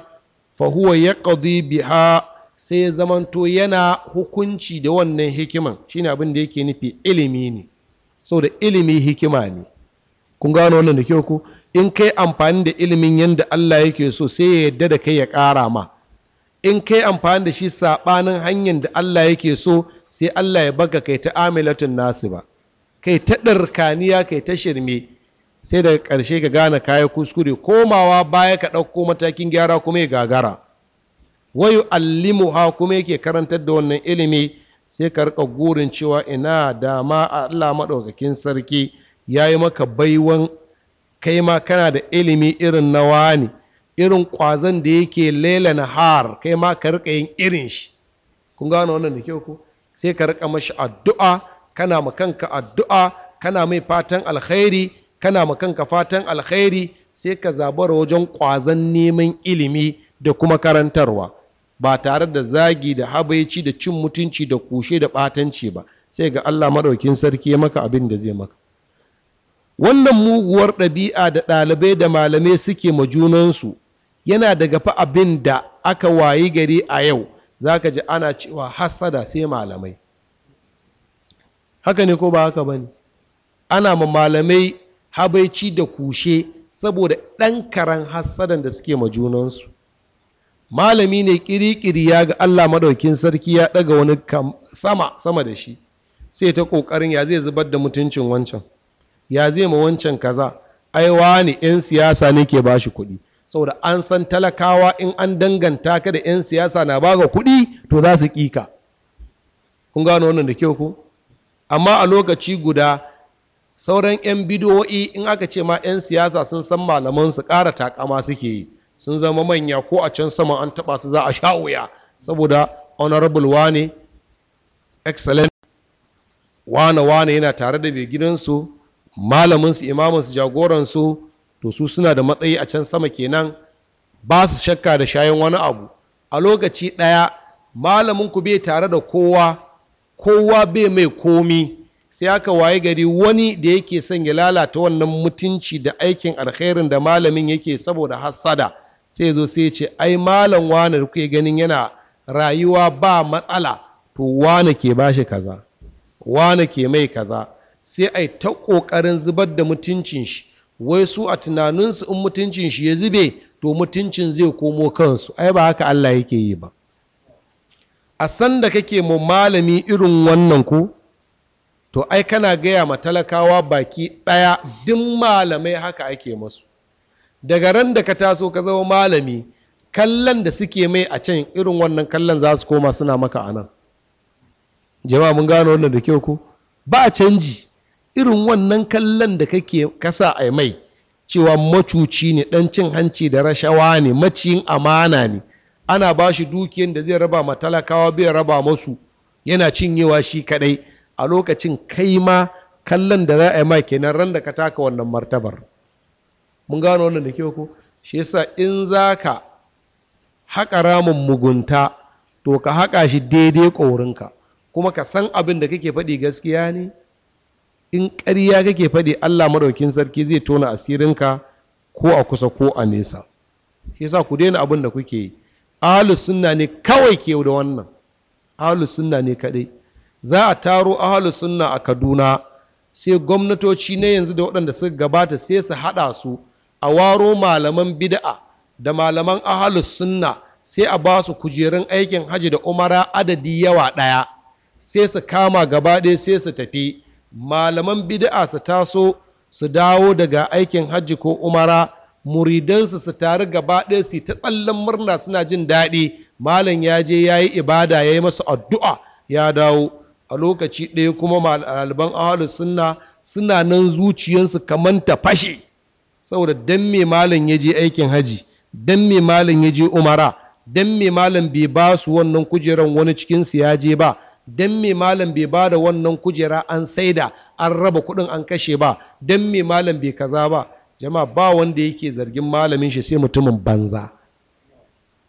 Fahuwa huwa yaqdi biha sai ya zamanto yana hukunci da wannan hikiman shine abin da yake nufi ilimi ne saboda ilimi hikima ne kun gano wannan da kyau ku in kai amfani da ilimin yadda Allah yake so sai ya yadda da kai ya ƙara ma in kai amfani da shi saɓanin hanyar da Allah yake so sai Allah ya baka kai ta amilatin nasu ba kai ta ɗarkaniya kai ta shirme sai daga ƙarshe ka gane kaya kuskure komawa baya ka ɗauko matakin gyara kuma ya gagara wayu ha kuma yake karantar da wannan ilimi sai ka rika gurin cewa ina dama ma Allah maɗaukakin sarki ya yi maka baiwan kai ma kana da ilimi irin na wani irin ƙwazon da yake lela na har kai ma ka rika yin irin shi kun gano wannan da kyau ko sai ka rika mashi addu'a kana ma kanka addu'a kana mai fatan alkhairi kana ma kanka fatan alkhairi sai ka zabara wajen kwazan neman ilimi da kuma karantarwa ba tare da zagi da habaici da cin mutunci da kushe da batanci ba sai ga allah maɗaukin sarki ya maka abin da zai maka wannan muguwar ɗabi'a da ɗalibai da malamai suke ma junansu yana daga fa abin da aka wayi gari a yau zaka ji ana cewa hassada sai malamai haka ne ko ba haka ba ne ana ma malamai habaici da kushe saboda ɗan karan hassadan da suke ma junansu malami ne kiri-kiri ya ga Allah madaukin sarki ya ɗaga wani sama sama da shi sai ta kokarin ya zai zubar da mutuncin wancan ya zai ma wancan kaza ai wani yan siyasa ne ke bashi kuɗi saboda an san talakawa in an danganta ka da yan siyasa na baka kuɗi to za su kika kun gano wannan da kyau ko amma a lokaci guda sauran yan bidowo'i in aka ce ma yan siyasa sun san malaman su ƙara takama suke yi sun zama manya ko a can sama an taba su za a sha wuya saboda honorable wane excellent wane wane yana tare da mai gidansu malaminsu imamansu jagoransu to su suna da matsayi a can sama kenan ba su shakka da shayin wani abu a lokaci ɗaya malaminku bai tare da kowa kowa bai mai komi sai aka waye gari wani da yake son ya lalata wannan mutunci da aikin alkhairin da malamin yake saboda hassada sai zo sai ce ai malam wane da kuke ganin yana rayuwa ba matsala to wane ke bashi kaza wane ke mai kaza sai ai ta ƙoƙarin zubar da mutuncin shi wai su a tunaninsu in mutuncin shi ya zube to mutuncin zai komo kansu ai ba haka Allah yake yi ba a sanda kake mu malami irin wannan ku, to ai kana gaya ma talakawa baki ɗaya duk malamai haka ake masu daga ran da ka taso ka zama malami kallon da suke mai a can irin wannan kallon za su koma suna maka a nan jama'a mun gano wannan da kyau ko ba canji irin wannan kallon da kake kasa a mai cewa macuci ne dan cin hanci da rashawa ne maciyin amana ne ana ba shi dukiyan da zai raba ma talakawa bai raba masu yana cinyewa shi kadai a lokacin kai ma kallon da za a yi ma kenan ran da ka taka wannan martabar mun gano wannan da kyau ko shi yasa in za ka haƙa ramin mugunta to ka haƙa shi daidai ƙorinka kuma ka san abin da kake faɗi gaskiya ne in ƙarya kake faɗi allah maɗaukin sarki zai tona asirinka ko a kusa ko a nesa shi yasa ku daina abin da kuke yi ahalus sunna ne kawai ke da wannan ahalus sunna ne kaɗai za a taro ahalus sunna a kaduna sai gwamnatoci na yanzu da waɗanda suka gabata sai su haɗa su a waro malaman bida'a da malaman ahalus sunna sai a ba su kujerun aikin haji da umara adadi yawa ɗaya sai su kama gaba ɗaya sai su tafi malaman bida'a su taso su dawo daga aikin haji ko umara muridansu su taru gaba ɗaya su ta tsallan murna suna jin daɗi malam ya je ya yi ibada ya yi masu addu'a ya dawo a lokaci ɗaya kuma malaban ahalus sunna suna nan zuciyarsu kamanta ta fashe saboda dan me malam ya je aikin haji dan me malam ya je umara dan me malam bai ba su wannan kujeran wani cikin su ya je ba dan me malam bai ba da wannan kujera an saida an raba kuɗin an kashe ba dan me malam bai kaza ba jama'a ba wanda yake zargin malamin shi sai mutumin banza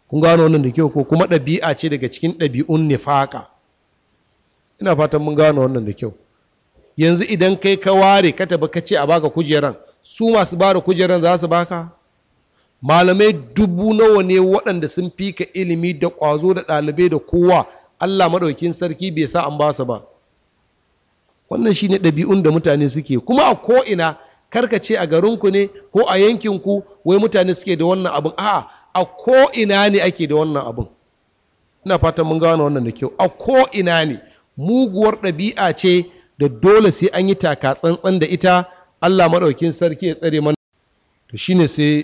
kun gano wannan da kyau ko kuma ɗabi'a ce daga cikin ɗabi'un nifaka ina fatan mun gano wannan da kyau yanzu idan kai ka ware ka tafi ka ce a baka kujeran su masu ba da kujerar za su baka malamai dubu nawa ne waɗanda sun fi ka ilimi da ƙwazo da ɗalibai da kowa allah maɗaukin sarki bai sa an ba su ba wannan shi ne ɗabi'un da mutane suke kuma a ko'ina karkace a garinku ne ko a yankinku wai mutane suke da wannan abin a a ko'ina ne ake da wannan abin ina fatan mun gano wannan da kyau a ko'ina ne muguwar ɗabi'a ce da dole sai an yi taka tsantsan da ita Allah maɗaukin sarki ya tsare mana to shine sai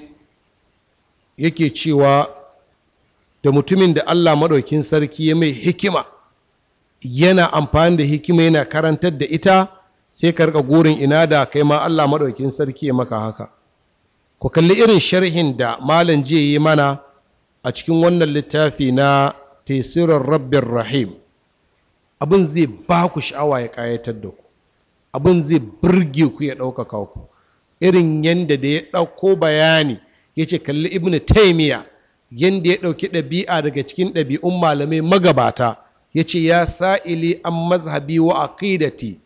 yake cewa da mutumin da Allah maɗaukin sarki ya mai hikima yana amfani da hikima yana karantar da ita sai ka rika gurin ina da kai ma Allah maɗaukin sarki ya maka haka ku kalli irin sharhin da malam jiya yi mana a cikin wannan littafi na tesirar rabbin rahim abin zai ba ku sha'awa ya ƙayatar da ku abin zai burge ku ya ɗaukaka ku irin yadda da ya ɗauko bayani ya ce kalli ibn taimiya yadda ya ɗauki ɗabi'a daga cikin ɗabi'un malamai magabata ya ce ya sa'ili an mazhabi wa aqidati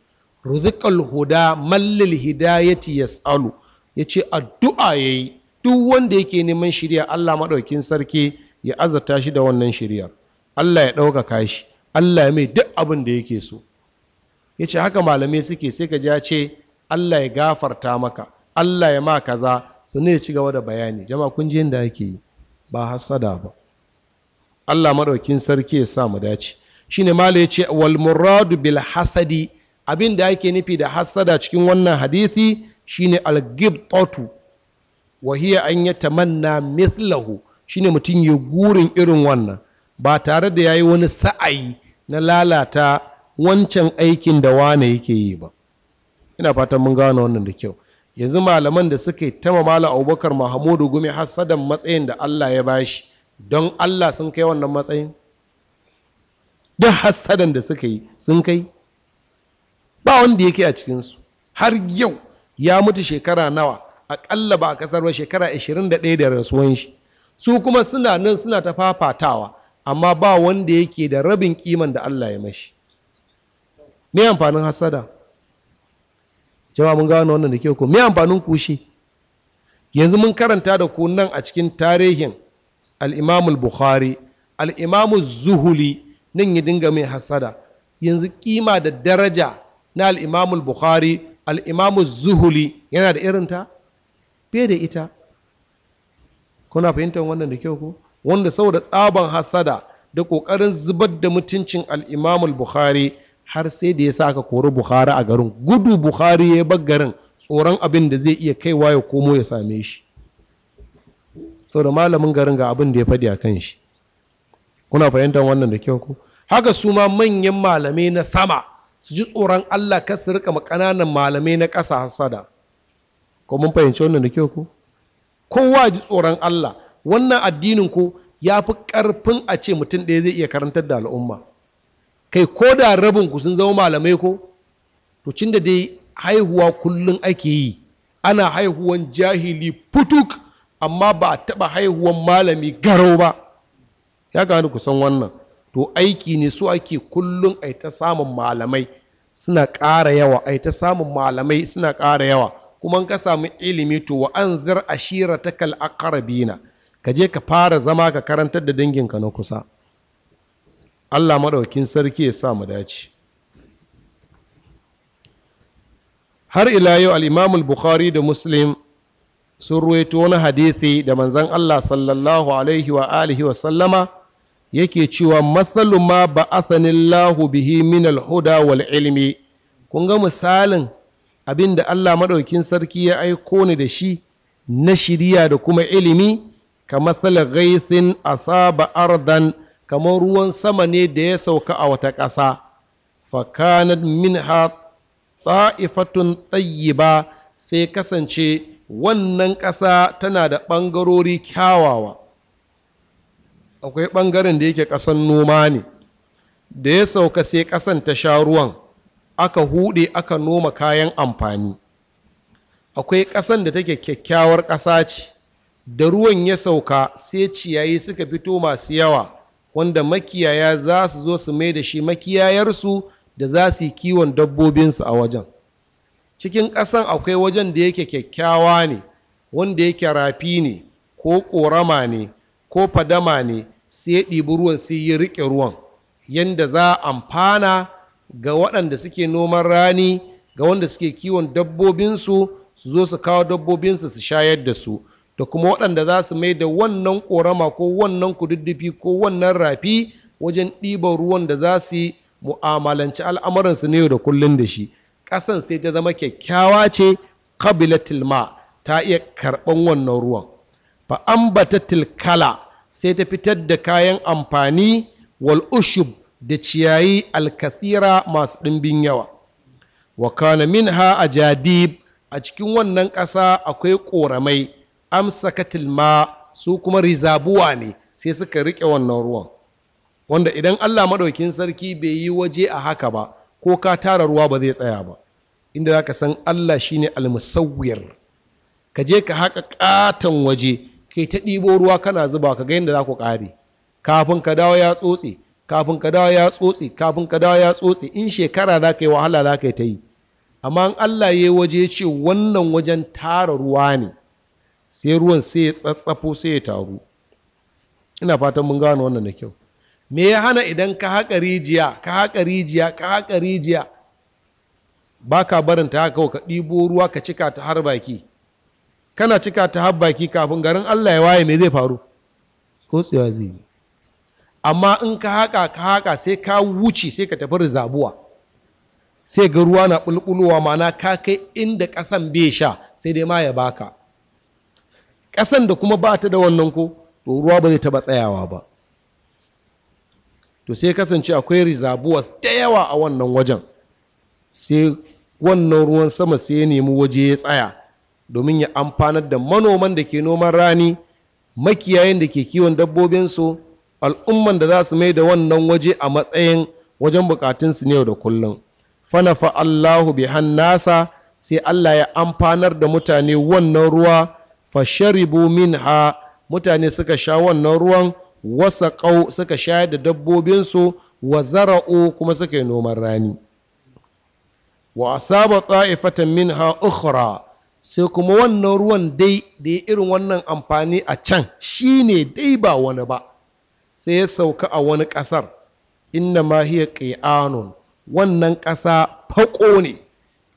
ruzikal huda mallil hidayati yas'alu ya ce addu'a ya yi duk wanda yake neman shirya allah maɗaukin sarki ya azata shi da wannan shiryar allah ya ɗaukaka shi allah ya mai duk abin da yake so ya ce haka malamai suke sai ka ji ya ce allah ya gafarta maka allah ya ma kaza su ya ci gaba da bayani jama'a kun ji yadda ake yi ba hasada ba allah maɗaukin sarki ya sa mu dace shine mala ya ce wal muradu bil hasadi abin da ake nufi da hasada cikin wannan hadithi shine al gibtatu wa hiya an yatamanna mithlahu shine mutum ya gurin irin wannan ba tare da yayi wani sa'ayi na lalata wancan aikin da wane yake yi ba ina fatan mun gane wannan da kyau yanzu malaman da suka yi tama mala abubakar mahamudu gumi hassadan matsayin da allah ya bashi don allah sun kai wannan matsayin duk hassadan da suka yi sun kai ba wanda yake a cikinsu har yau ya mutu shekara nawa aƙalla ba a kasar ba shekara 21 da rasuwan shi su kuma suna nan suna ta fafatawa amma ba wanda yake da rabin kiman da allah ya mashi me amfanin hasada jama'a mun gano wannan da ke ko me amfanin kushi yanzu mun karanta da ku nan a cikin tarihin al'imamul bukhari al'imamul zuhuli nan ya dinga mai hasada yanzu kima da daraja na al'imamul bukhari al'imamul zuhuli yana da irinta fiye da ita kuna fahimtar wannan da kyau ku wanda saboda tsaban hasada da ƙoƙarin zubar da mutuncin al'imamul bukhari har sai da ya sa aka kori bukhari a garin gudu bukhari ya bar garin tsoron abin da zai iya kaiwa ya komo ya same shi sau da malamin garin ga abin da ya faɗi a kan shi kuna fahimtar wannan da kyau ku haka su ma manyan malamai na sama su ji tsoron allah ka su rika ƙananan malamai na ƙasa hasada ko mun fahimci wannan da kyau ku kowa ji tsoron allah wannan addinin ku ya fi ƙarfin a ce mutum ɗaya zai iya karantar da al'umma kai ko da rabin ku sun zama malamai ko to cin dai haihuwa kullum ake yi ana haihuwan jahili putuk amma ba a taɓa haihuwan malami garau ba ya gani kusan wannan to aiki ne su ake kullum ai ta samun malamai suna ƙara yawa ai ta samun malamai suna ƙara yawa kuma ka samu ilimi to wa an zar ashira ta kal ka je ka fara zama ka karantar da danginka na kusa allah maɗaukin sarki ya sa mu dace har ila yau al'imamul bukhari da muslim sun ruwaito wani hadithi da manzan allah sallallahu alaihi wa alihi wa sallama yake cewa matsalu ma ba'athanillahu bihi min alhuda wal ilmi kun ga misalin abin da allah maɗaukin sarki ya aiko ni da shi na shiriya da kuma ilimi ka matsalar gaithin asaba ardan kamar ruwan sama ne da ya sauka a wata ƙasa fakanat minha ta'ifatun tayyiba sai kasance wannan ƙasa tana da ɓangarori kyawawa akwai ɓangaren da yake ƙasan noma ne da ya sauka sai ƙasan ta sha ruwan aka huɗe aka noma kayan amfani akwai ƙasan da take kyakkyawar ƙasa ce da ruwan ya sauka sai ciyayi suka fito masu yawa wanda makiyaya za su zo su mai da shi makiyayarsu da za su yi kiwon dabbobinsu a wajen cikin ƙasan akwai wajen da yake kyakkyawa ne wanda yake rafi ne ko ƙorama ne ko fadama ne sai ya ɗibi ruwan sai ya riƙe ruwan yadda za a amfana ga waɗanda suke noman rani ga wanda suke kiwon dabbobinsu su zo su kawo dabbobinsu su shayar da su da kuma waɗanda za su mai da wannan ƙorama ko wannan kududdufi ko wannan rafi wajen ɗiban ruwan da za su yi mu'amalanci al'amuransu ne da kullum da shi ƙasan sai ta zama kyakkyawa ce ƙabilatil ma ta iya karɓan wannan ruwan fa ambata tilkala sai ta fitar da kayan amfani wal ushub da ciyayi alkathira masu ɗimbin yawa wa kana minha ajadib a cikin wannan ƙasa akwai ƙoramai amsakatil ma su kuma rizabuwa ne sai suka riƙe wannan ruwan wanda idan allah maɗaukin sarki bai yi waje a haka ba ko ka tara ruwa ba zai tsaya ba inda za ka san allah shine almusawwir ka je ka haka ƙaton waje kai ta ɗibo ruwa kana zuba ka ga yadda za ku ƙare kafin ka dawo ya tsotse kafin ka dawo ya tsotse kafin ka dawo ya tsotse in shekara za ka yi wahala za ka yi ta yi amma in allah ya yi waje ce wannan wajen tara ruwa ne sai ruwan sai ya tsatsafo sai ya taru ina fatan mun gano wannan da kyau me ya hana idan ka haƙa rijiya ka haƙa rijiya ka haƙa rijiya ba ka barin ta haka ka ɗibo ruwa ka cika ta har baki kana cika ta har baki kafin garin allah ya waye me zai faru ko tsayawa zai yi amma in ka haƙa ka haƙa sai ka wuce sai ka tafi rizabuwa sai ga ruwa na ɓulɓulowa mana ka kai inda ƙasan bai sha sai dai ma ya baka ƙasan da kuma ba ta da wannan ko to ruwa ba zai taɓa tsayawa ba to sai kasance akwai rizabuwa da yawa a wannan wajen sai wannan ruwan sama sai ya nemi waje ya tsaya domin ya amfanar da manoman da ke noman rani makiyayin da ke kiwon dabbobinsu al'umman da za su mai da wannan waje a matsayin wajen bukatunsu ne yau da kullum fanafa allahu bi hannasa sai allah ya amfanar da mutane wannan ruwa fasharibu minha mutane suka sha wannan ruwan wasaƙau suka sha da dabbobinsu wa zara'u kuma suka yi noman rani wa asaba ta'ifatan minha ukhra sai kuma wannan ruwan dai da ya irin wannan amfani a can shine dai ba wani ba sai ya sauka a wani ƙasar inna ma hiya qi'anun wannan ƙasa faƙo ne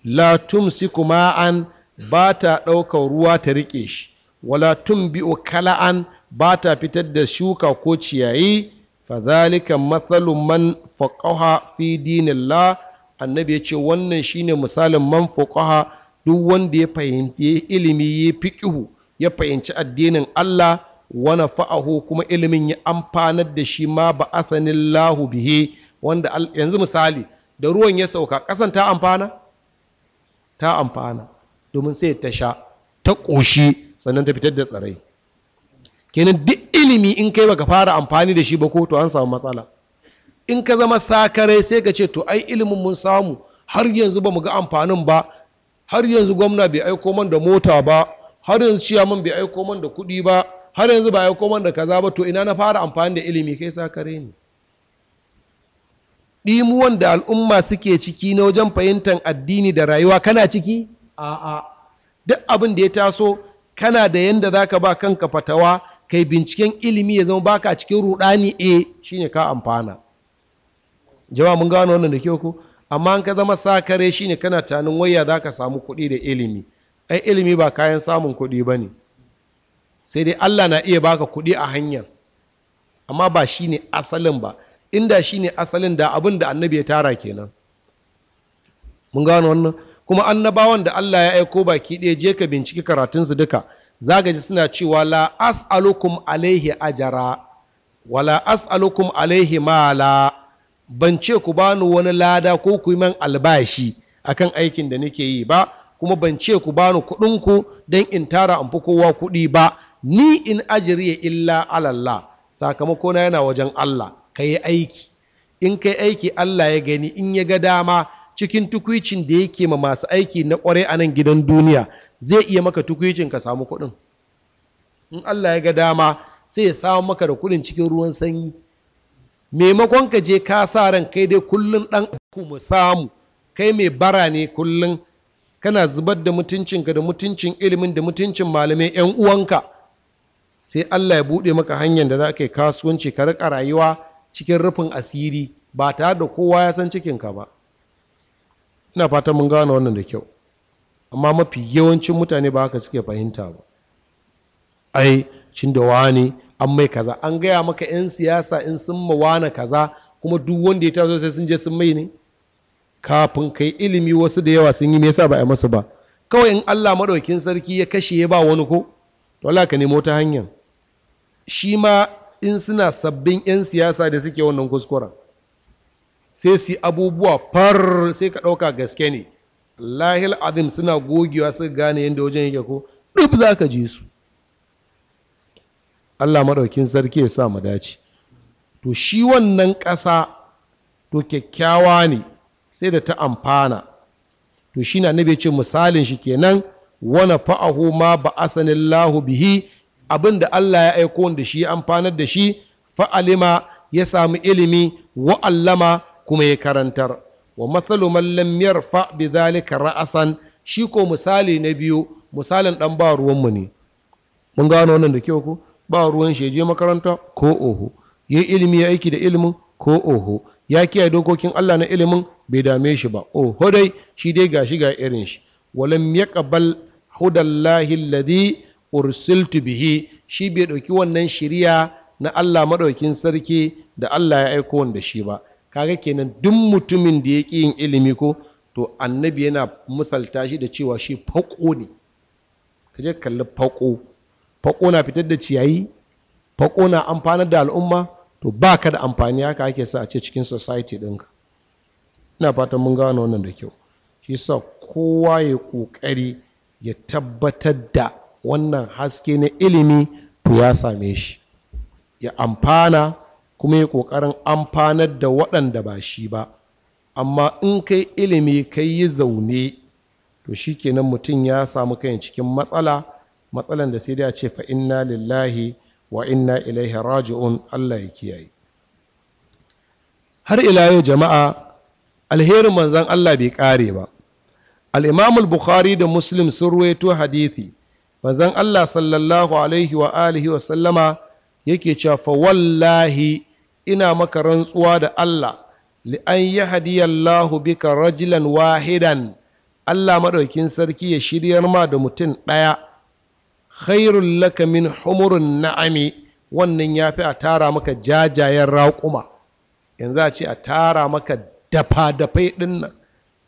la tumsiku ma'an ba ta ɗaukar ruwa ta riƙe shi wala tunbi'u kala'an ba ta fitar da shuka ko ciyayi fadhalika mathalu man faqaha fi dinillah annabi ya ce wannan shine misalin man faqaha duk wanda ya fahimci ilimi ya fiqihu ya fahimci addinin Allah wana fa'ahu kuma ilimin ya amfanar da shi ma ba athanillahu bihi wanda yanzu misali da ruwan ya sauka ƙasan ta amfana ta amfana domin sai ta sha ta ƙoshi sannan ta fitar da tsarai kenan duk ilimi in kai baka fara amfani da shi ba ko to an samu matsala in ka zama sakarai sai ka ce to ai ilimin mun samu har yanzu ba mu ga amfanin ba har yanzu gwamna bai aiko man da mota ba har yanzu ciyaman bai aiko man da kuɗi ba har yanzu ba aiko man da kaza ba to ina na fara amfani da ilimi kai sakare ne ɗimuwan da al'umma suke ciki na wajen fahimtar addini da rayuwa kana ciki a'a duk abin da ya taso kana da yanda za ka ba kanka fatawa kai binciken ilimi ya zama baka cikin rudani e eh, shine ka amfana jama'a mun gano wannan da kyau ku amma an ka zama sa kare shine kana tanin waya za ka samu kuɗi da ilimi ai ilimi ba kayan samun kuɗi ba ne sai dai allah na iya baka kuɗi a hanya amma ba shine asalin ba inda shine asalin da abin da annabi ya tara kenan mun gano wannan kuma annabawan da Allah ya aiko baki ɗaya je ka binciki karatunsu duka za ji suna cewa la as'alukum alaihi ajara wala as'alukum alaihi mala ban ce ku bani wani lada ko ku yi man albashi akan aikin da nake yi ba kuma ban ce ku bani kuɗin ku don in tara an kowa kuɗi ba ni in ajiriya illa alallah sakamako na yana wajen Allah ka aiki in kai aiki Allah ya gani in ya ga dama cikin tukwicin da yake ma masu aiki na kwarai a nan gidan duniya zai iya maka tukwicin ka samu kuɗin in allah ya ga dama sai ya samu maka da kuɗin cikin ruwan sanyi maimakon ka je ka sa ran kai dai kullum ɗan ku mu samu kai mai bara ne kullum kana zubar da mutuncinka da mutuncin ilimin da mutuncin malamai 'yan uwanka sai allah ya buɗe maka hanyar da za ka yi kasuwanci ka riƙa rayuwa cikin rufin asiri ba tare da kowa ya san cikinka ba ina fatan mun gane wannan da kyau amma mafi yawancin mutane ba haka suke fahimta ba ai cin da wani an mai kaza an gaya maka 'yan siyasa in sun mawana kaza kuma duk wanda ya taso sai sun je sun mai ne kafin kai ilimi wasu da yawa sun yi me yasa ba a masu ba kawai in Allah maɗaukin sarki ya kashe ya ba wani ko to Allah ka nemo ta hanyar shi ma in suna sabbin 'yan siyasa da suke wannan kuskuren sai su abubuwa far sai ka ɗauka gaske ne lahil suna gogewa su gane yadda wajen yake ko duk za ka ji su allah maɗaukin sarki ya sa mu dace to shi wannan ƙasa to kyakkyawa ne sai da ta amfana to shi na nabe ce misalin shi kenan wana fa'ahu ma ba bihi abin da allah ya aiko da shi amfanar da shi fa'alima ya samu ilimi wa'allama kuma ya karantar wa mathalu mallam lam yarfa bi ra'asan shi ko misali na biyu misalin ɗan ba ruwan mu ne mun gano wannan da kyau ko ba ruwan shi je makaranta ko oho yayi ilimi ya aiki da ilimin ko oho ya kiyaye dokokin Allah na ilimin bai dame shi ba oho dai shi dai gashi ga irin shi walam yaqbal hudallahi alladhi ursiltu bihi shi bai ɗauki wannan shiriya na Allah maɗaukin sarki da Allah ya aiko wanda shi ba kaga kenan duk mutumin da ya ƙi yin ilimi ko to annabi yana misalta shi da cewa shi faƙo ne ka je kalli faƙo faƙo na fitar da ciyayi faƙo na amfanar da al'umma to ba ka da amfani haka ake sa a ce cikin society ɗinka ina fatan mun gano wannan da kyau shi sa kowa ya ƙoƙari ya tabbatar da wannan haske na ilimi to ya same shi ya amfana kuma yi ƙoƙarin amfanar da waɗanda ba shi ba amma in kai ilimi kai yi zaune to shi kenan mutum ya samu kayan cikin matsala matsalan da sai dai a ce fa inna lillahi wa inna ilaihi raji'un Allah ya kiyaye har ila yau jama'a alherin manzan Allah bai kare ba al bukhari da muslim sun ruwaito hadithi manzan Allah sallallahu alaihi wa alihi wa sallama yake cewa fa wallahi ina maka rantsuwa da Allah li'an ya hadiyallahu bika rajilan wahidan Allah maɗaukin sarki ya shiryar ma da mutum ɗaya khairun lakamin min humurun na'ami wannan ya fi a tara maka jajayen raƙuma yanzu a ce a tara maka dafa-dafai ɗin nan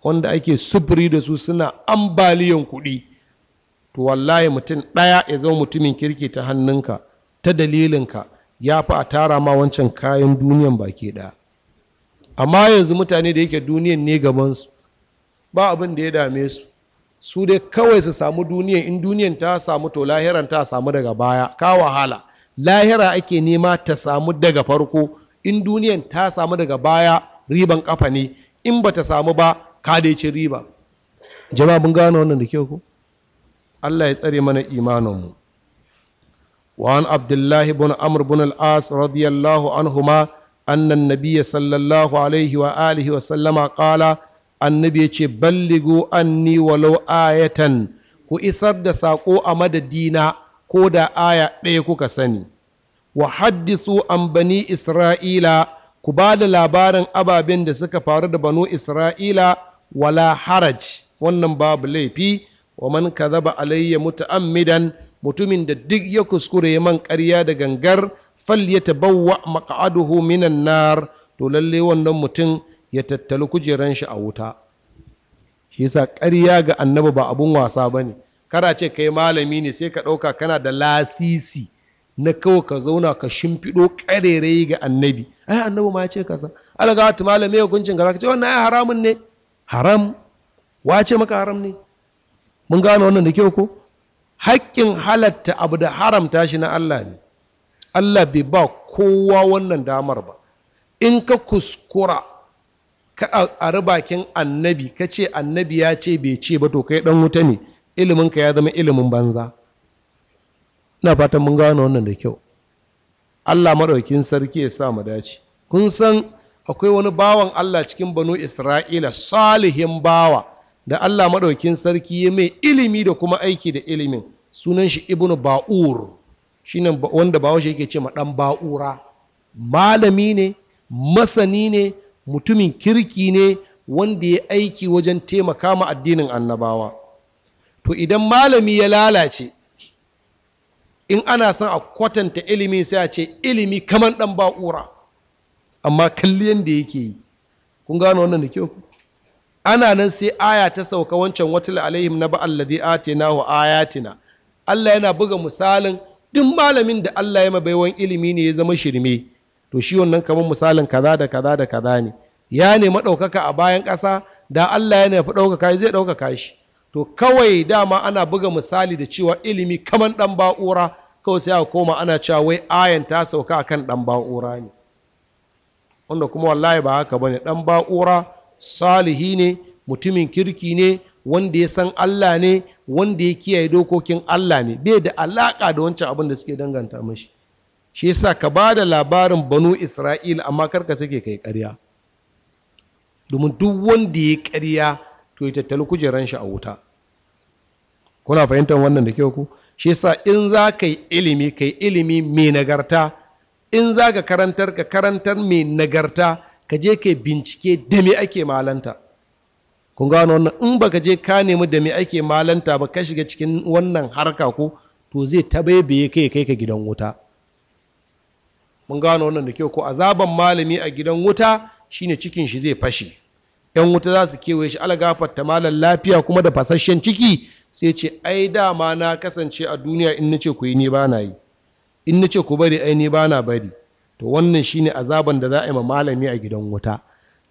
wanda ake sufuri da su suna ambaliyan kuɗi to wallahi mutum ɗaya ya zama mutumin kirki ta hannunka ta dalilinka ya fi a tara ma wancan kayan duniyan baki ɗaya amma yanzu mutane da yake duniyan ne gabansu ba abin da ya dame su su dai kawai su samu duniyan in duniyan ta samu to lahiran ta samu daga baya ka wahala lahira ake nema ta samu daga farko in duniyan ta samu daga baya riban kafa ne in ba ta samu ba ka dai ci riba jama'a mun gane wannan da kyau ko Allah ya tsare mana imanin mu. وعن عبد الله بن عمرو بن العاص رضي الله عنهما أن النبي صلى الله عليه وآله وسلم قال annabi ya ce balligo anni walau ku isar da saƙo a madadina ko da aya ɗaya kuka sani wa haddithu an bani isra'ila ku ba da labarin ababen da suka faru da banu isra'ila wala haraj wannan babu laifi wa man kadhaba alayya muta'ammidan mutumin da duk ya kuskure ya man ƙarya da gangar fal ya tabawa maq'aduhu minan nar to lalle wannan mutum ya tattali kujeran shi a wuta shi yasa ƙarya ga annabi ba abun wasa ba ne kada ce kai malami ne sai ka ɗauka kana da lasisi na kawai ka zauna ka shimfiɗo ƙarerai ga annabi ai annabi ma ya ce kasa alaga wata malami ya hukuncin ka ce wannan ai haramun ne haram wace maka haram ne mun gano wannan da kyau ko haƙƙin halatta abu da haramta shi na Allah ne Allah bai ba kowa wannan damar ba in ka kuskura ka a rubakin annabi ka ce annabi ya ce bai ce ba to kai dan wuta ne ka ya zama ilimin banza na fatan mun gano wannan da kyau Allah maɗaukin sarki ya sa mu dace kun san akwai wani bawan Allah cikin banu Isra'ila salihin bawa da Allah maɗaukin sarki ya mai ilimi da kuma aiki da ilimin sunan shi ibnu ba'ur shine wanda bahaushe yake ce ma dan ba'ura malami ne masani ne mutumin kirki ne wanda ya aiki wajen taimaka ma addinin annabawa to idan malami ya lalace in ana son a kwatanta ilimi sai a ce ilimi kaman dan ba'ura amma kalli yadda yake yi kun gano wannan da kyau ana nan sai aya ta sauka wancan watul alaihim na ba'al ladhi atinahu ayatina Allah yana buga misalin duk malamin da Allah ya ma mabaiwan ilimi ne ya zama shirme to shi wannan kamar misalin kaza da kaza da kaza ne ya ne ɗaukaka a bayan ƙasa da Allah ya nufi ɗaukaka zai ɗaukaka shi to kawai dama ana buga misali da cewa ilimi kaman ɗan ba'ura kawai sai a koma ana cewa wai ayan ta sauka akan ɗan ba'ura ne wanda kuma wallahi ba haka bane ɗan ba'ura salihi ne mutumin kirki ne wanda ya san Allah ne wanda ya kiyaye dokokin Allah ne bai da alaka da wancan abin da suke danganta mashi shi yasa ka ba da labarin banu isra'il amma karka sake kai ƙarya domin duk wanda ya ƙarya to ya tattali kujeran shi a wuta kuna fahimtar wannan da kyau ku shi yasa in za ka yi ilimi kai ilimi mai nagarta in za ka karantar ka karantar mai nagarta ka je kai bincike da me ake malanta kun gano wannan in baka je ka nemi da me ake malanta ba ka shiga cikin wannan harka ko to zai tabaibaye kai kai ka gidan wuta mun gano wannan da kyau ko azaban malami a gidan wuta shine cikin shi zai fashe yan wuta za su kewaye shi algafar ta malan lafiya kuma da fasasshen ciki sai ce ai dama na kasance a duniya in nace ku yi ni ba na yi in nace ku bari ai ni ba na bari to wannan shine azaban da za a yi ma malami a gidan wuta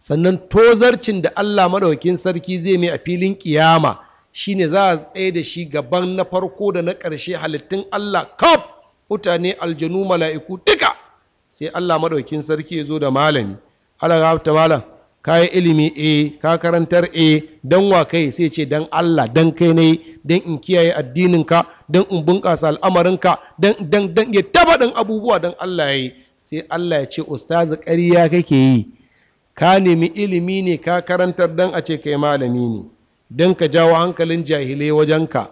sannan tozarcin da Allah maɗaukin sarki zai mai a filin kiyama ne za a tsaye da shi gaban na farko da na ƙarshe halittun Allah kaf mutane aljanu mala'iku duka sai Allah maɗaukin sarki ya zo da malami Allah ta malam ka yi ilimi e ka karantar e don wa kai sai ce don Allah don kai ne don in kiyaye addininka don in bunƙasa al'amarinka don dan, dan, ya taba ɗan abubuwa don Allah ya yi sai Allah ya ce ustazi ƙarya kake yi ka nemi ilimi ne ka karantar don a ce kai malami ne don ka jawo hankalin jahilai wajenka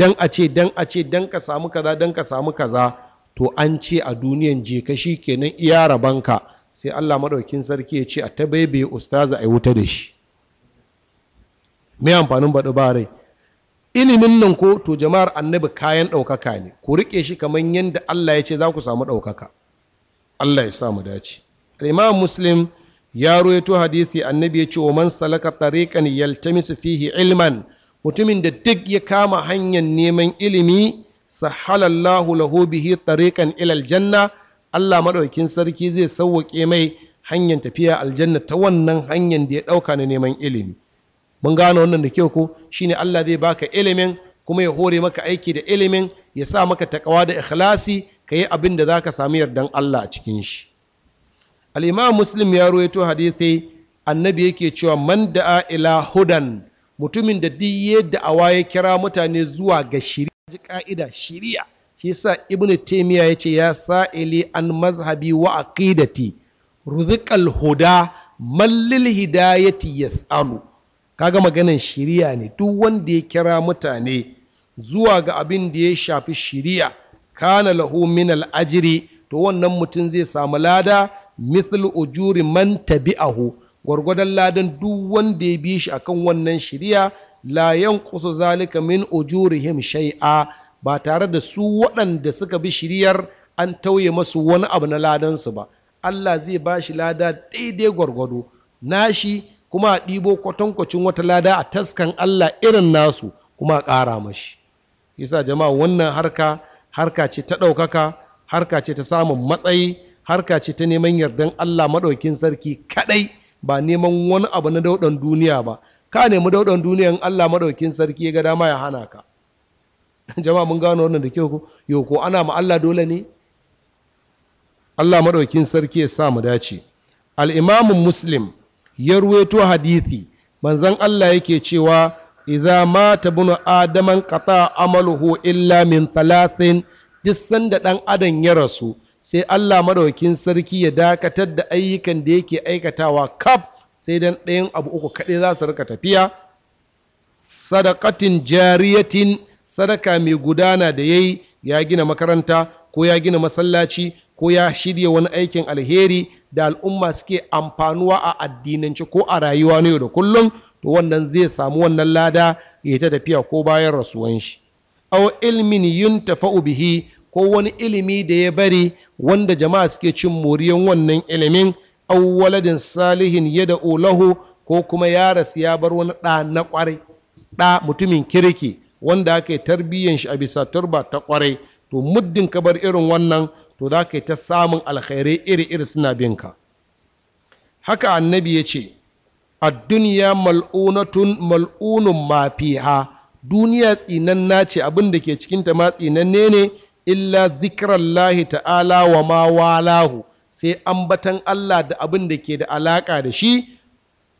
don a ce don a ce don ka samu kaza don ka samu kaza to an ce a duniyan je ka shi kenan iya rabanka sai allah maɗaukin sarki ya ce a ta baibaye ustaza a yi wuta da shi me amfanin baɗi ba rai ilimin nan ko to jama'ar annabi kayan ɗaukaka ne ku riƙe shi kamar yadda allah ya ce za ku samu ɗaukaka allah ya sa mu dace imam muslim ya ruwaito hadithi annabi ya ce wa man salaka tariqan yaltamisu fihi ilman mutumin da duk ya kama hanyar neman ilimi sahalallahu lahu bihi tariqan ilal janna Allah maɗaukin sarki zai sauwake mai hanyar tafiya aljanna ta wannan hanyar da ya ɗauka na neman ilimi mun gane wannan da kyau ko shine Allah zai baka ilimin kuma ya hore maka aiki da ilimin ya sa maka takawa da ikhlasi ka yi abin da za ka sami yardan Allah a cikin shi al'imam muslim ya ruwaito hadithi annabi yake cewa man da'a ila hudan mutumin da duk yadda awa ya kira mutane zuwa ga shiriya ji ka'ida shiriya shi sa ibn taymiya ce ya sa'ili an mazhabi wa aqidati ruziqal huda mallil hidayati yas'alu kaga maganan shiri'a ne duk wanda ya kira mutane zuwa ga abin da ya shafi shiri'a kana lahu min al ajri to wannan mutum zai samu lada mithlu ujuri man tabi'ahu gwargwadon ladan duk wanda ya bi shi akan wannan shirya la yanqusu zalika min ujurihim shai'a ba tare da su waɗanda suka bi shiryar an tauye masu wani abu na ladansu ba Allah zai ba shi lada daidai gwargwado nashi kuma a ɗibo kwatankwacin wata lada a taskan Allah irin nasu kuma a ƙara mashi yasa jama'a wannan harka harka ce ta ɗaukaka harka ce ta samun matsayi harka ce ta neman yardan Allah maɗaukin sarki kaɗai ba neman wani abu na daudan duniya ba ka nemi daudan duniya in Allah maɗaukin sarki ya ga dama ya hana ka jama'a mun gano wannan da kyau ko yo ko ana ma Allah dole ne Allah maɗaukin sarki ya sa mu dace al imamu Muslim ya ruwaito hadithi manzon Allah yake cewa idza mata bunu adaman qata amaluhu illa min talatin, duk sanda dan adam ya rasu sai Allah madaukin sarki ya dakatar da ayyukan da yake aikatawa kaf sai dan ɗayan abu uku kaɗai za su rika tafiya sadakatin jariyatin sadaka mai gudana da yayi ya gina makaranta ko ya gina masallaci ko ya shirya wani aikin alheri da al'umma suke amfanuwa a addinance ko a rayuwa na yau da kullum to wannan zai samu wannan lada ya ta tafiya ko bayan rasuwan shi aw ilmin yuntafa'u bihi ko wani ilimi da ya bari wanda jama'a suke cin moriyan wannan ilimin auwaladin salihin ya da olahu ko kuma ya rasu ya bar wani ɗa na ƙwarai ɗa mutumin kirki wanda aka yi tarbiyyan shi a bisa turba ta ƙwarai to muddin ka bar irin wannan to za ka yi ta samun alkhairai iri-iri suna ka. haka annabi ya ce a duniya mal'unatun mal'unun mafiha duniya tsinanna ce abin da ke cikinta ma tsinanne ne illa zikrallahi ta'ala wa ma walahu sai ambatan Allah da abin da ke da alaka da shi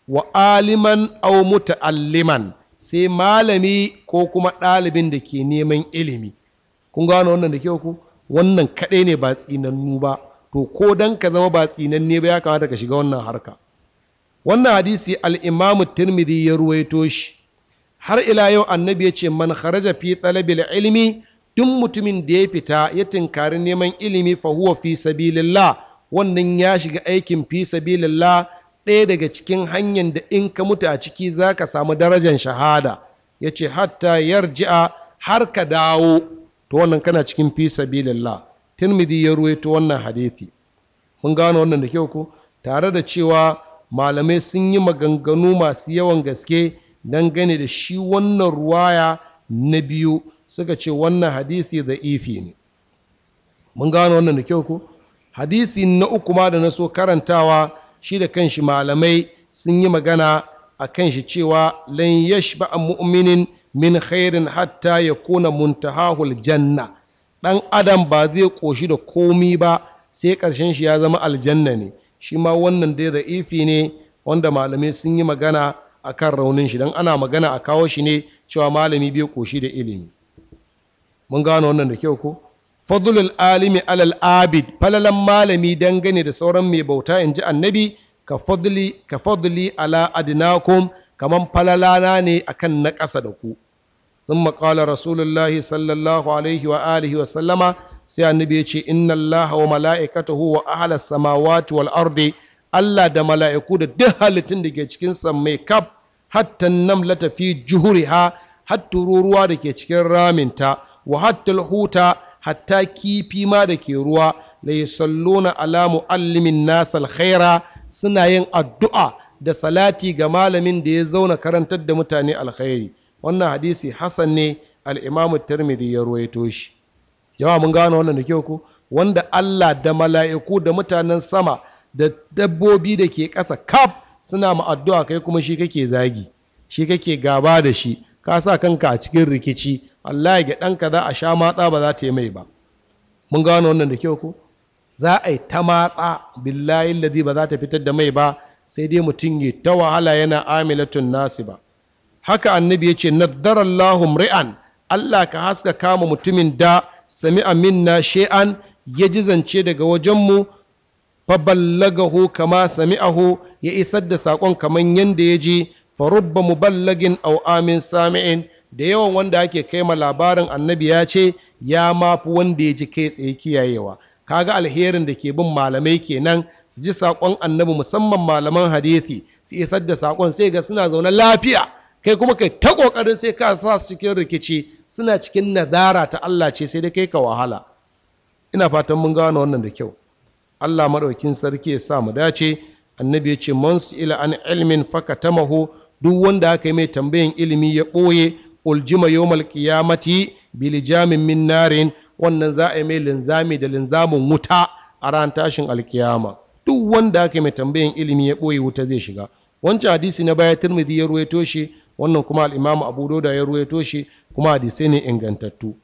wa aliman aw muta'alliman sai malami ko kuma ɗalibin da ke neman ilimi kun gano wannan da kyau ku wannan kaɗai ne ba tsinannu ba to ko dan ka zama ba tsinanne ba ya kamata ka shiga wannan harka wannan hadisi al'imamu tirmidhi ya ruwaito shi har ila yau annabi ya ce man kharaja fi talabil ilmi duk mutumin da ya fita ya tinkari neman ilimi fa huwa fi sabilillah wannan ya shiga aikin fi sabilillah ɗaya daga cikin hanyar da in ka mutu a ciki za ka samu darajar shahada ya ce hatta yarji'a har ka dawo to wannan kana cikin fi sabilillah tirmidhi ya ruwaito wannan hadithi mun gano wannan da kyau ko tare da cewa malamai sun yi maganganu masu yawan gaske dangane da shi wannan ruwaya na biyu suka ce wannan hadisi da ifi ne mun gano wannan da kyau ko hadisi na uku ma da na so karantawa shi da kanshi malamai sun yi magana a kanshi cewa lan yashba mu'minin min khairin hatta ya kuna muntahahul janna Dan adam ba zai koshi da komi ba sai karshen shi ya zama aljanna ne shi ma wannan dai da ifi ne wanda malamai sun yi magana a kan raunin shi don ana magana a kawo shi ne cewa malami bai koshi da ilimi mun gano wannan da kyau ko fadlul alimi alal abid falalan malami dangane da sauran mai bauta in ji annabi ka fadli ka fadli ala adnakum kaman falalana ne akan na ƙasa da ku sallallahu alaihi ثم قال رسول الله sai annabi yace inna allah wa malaikatahu wa وملائكته samawati wal ardi Allah da mala'iku da duk halittun da ke cikinsa mai kaf hatta namlata fi juhuriha hatta tururuwa da ke cikin raminta wa hatta huta hatta kifi ma da ke ruwa la yusalluna ala muallimin nas alkhaira suna yin addu'a da salati ga malamin da ya zauna karantar da mutane alkhairi wannan hadisi hasan ne al-imam tirmidhi ya ruwaito shi jama'a mun gano wannan da kyau ku wanda Allah da mala'iku da mutanen sama da dabbobi da ke ƙasa kaf suna ma addu'a kai kuma shi kake zagi shi kake gaba da shi ka sa kanka a cikin rikici Allah ya ka za a sha matsa ba za ta yi mai ba mun gano wannan da kyau ko za a yi ta matsa billahi ladi ba za ta fitar da mai ba sai dai mutum ya ta wahala yana amilatun nasi ba haka annabi ya ce naddarallahu ri'an Allah ka haska kama mutumin da sami minna she'an ya ji zance daga wajenmu faballagahu kama sami'ahu ya isar da saƙon kaman yadda ya je. farubba muballagin au amin sami'in da yawan wanda ake kai ma labarin annabi ya ce ya mafi wanda ya ji kai tsaye kiyayewa kaga alherin da ke bin malamai kenan su ji saƙon annabi musamman malaman hadithi su isar da saƙon sai ga suna zaune lafiya kai kuma kai ta ƙoƙarin sai ka sa su cikin rikici suna cikin nadara ta Allah ce sai da kai ka wahala ina fatan mun gano wannan da kyau Allah maɗaukin sarki ya sa mu dace annabi ya ce man ila an ilmin fakatamahu duk wanda aka yi mai tambayin ilimi ya ɓoye uljima yawmal qiyamati bil jamin min narin wannan za a yi mai linzami da linzamin wuta a ran tashin alkiyama duk wanda aka yi mai tambayin ilimi ya ɓoye wuta zai shiga wancan hadisi na baya tirmidhi ya ruwaito shi wannan kuma al'imamu abu dauda ya ruwaito shi kuma hadisai ne ingantattu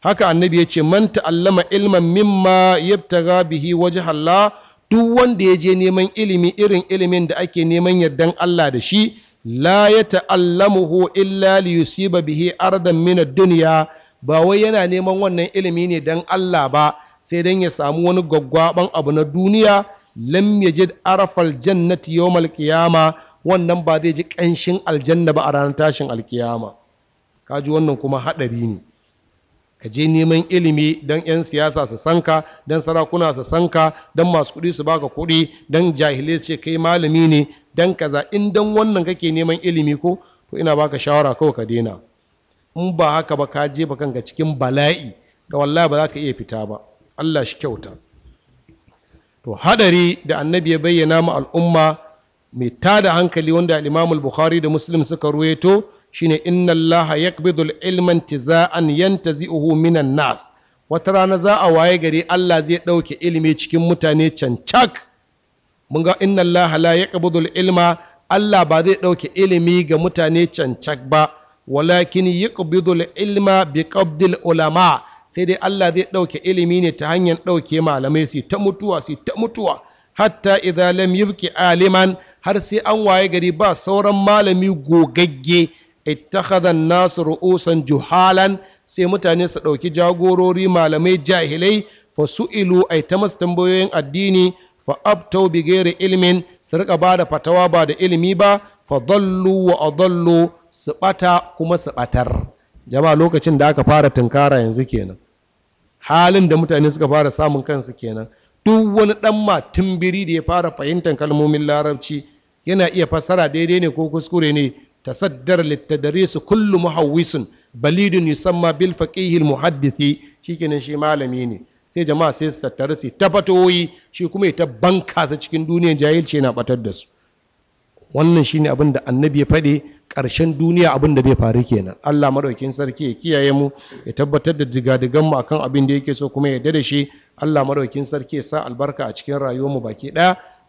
haka annabi ya ce man ta'allama ilman mimma yabtaga bihi waje halla duk wanda ya je neman ilimi irin ilimin da ake neman yardan Allah da shi la ya ta'allamuhu illa li yusiba bihi ardan min ad-dunya ba wai yana neman wannan ilimi ne dan Allah ba sai dan ya samu wani gwaggwaban abu na duniya lam yajid arafal jannati yawmal qiyama wannan ba zai ji kanshin aljanna ba a ranar tashin alkiyama kaji wannan kuma hadari ne ka je neman ilimi don 'yan siyasa su sanka don sarakuna su sanka don masu kuɗi su baka kuɗi don jahilai su ce kai malami ne don kaza in don wannan kake neman ilimi ko to ina baka shawara kawai ka daina in ba haka ba ka jefa kanka cikin bala'i da wallahi ba za ka iya fita ba Allah shi kyauta to hadari da annabi ya bayyana mu al'umma mai tada hankali wanda alimamul bukhari da Muslim suka ruwaito shine inna allaha yaqbidul ilman tiza'an yantazi'uhu minan nas wata rana za a waye gari Allah zai ɗauke ilimi cikin mutane cancak mun ga inna allaha la yaqbidul ilma Allah ba zai ɗauke ilimi ga mutane cancak ba walakin yaqbidul ilma bi qabdil ulama sai dai Allah zai ɗauke ilimi ne ta hanyar ɗauke malamai su ta mutuwa su ta mutuwa hatta idza lam yubqi aliman har sai an waye gari ba sauran malami gogagge ittakhadha an-nas ru'usan juhalan sai mutane su ɗauki jagorori malamai jahilai fa su'ilu ay ta masu tambayoyin addini fa abtau bi ghairi ilmin su rika da fatawa ba da ilimi ba fa dallu wa adallu su bata kuma su batar jama'a lokacin da aka fara tunkara yanzu kenan halin da mutane suka fara samun kansu kenan duk wani dan ma tumbiri da ya fara fahimtar kalmomin larabci yana iya fassara daidai ne ko kuskure ne tasaddar kullum kullu muhawwisun balidun yusamma bil faqihil muhaddithi shikenan shi malami ne sai jama'a sai su tattara su ta shi kuma ya tabban kasa cikin cikin duniyar jahilci yana batar da su wannan shine abin da annabi ya faɗi ƙarshen duniya abin da zai faru kenan Allah maɗaukin sarki ya kiyaye mu ya tabbatar da jigadigan mu akan abin da yake so kuma ya da shi Allah maɗaukin sarki ya sa albarka a cikin rayuwar mu baki ɗaya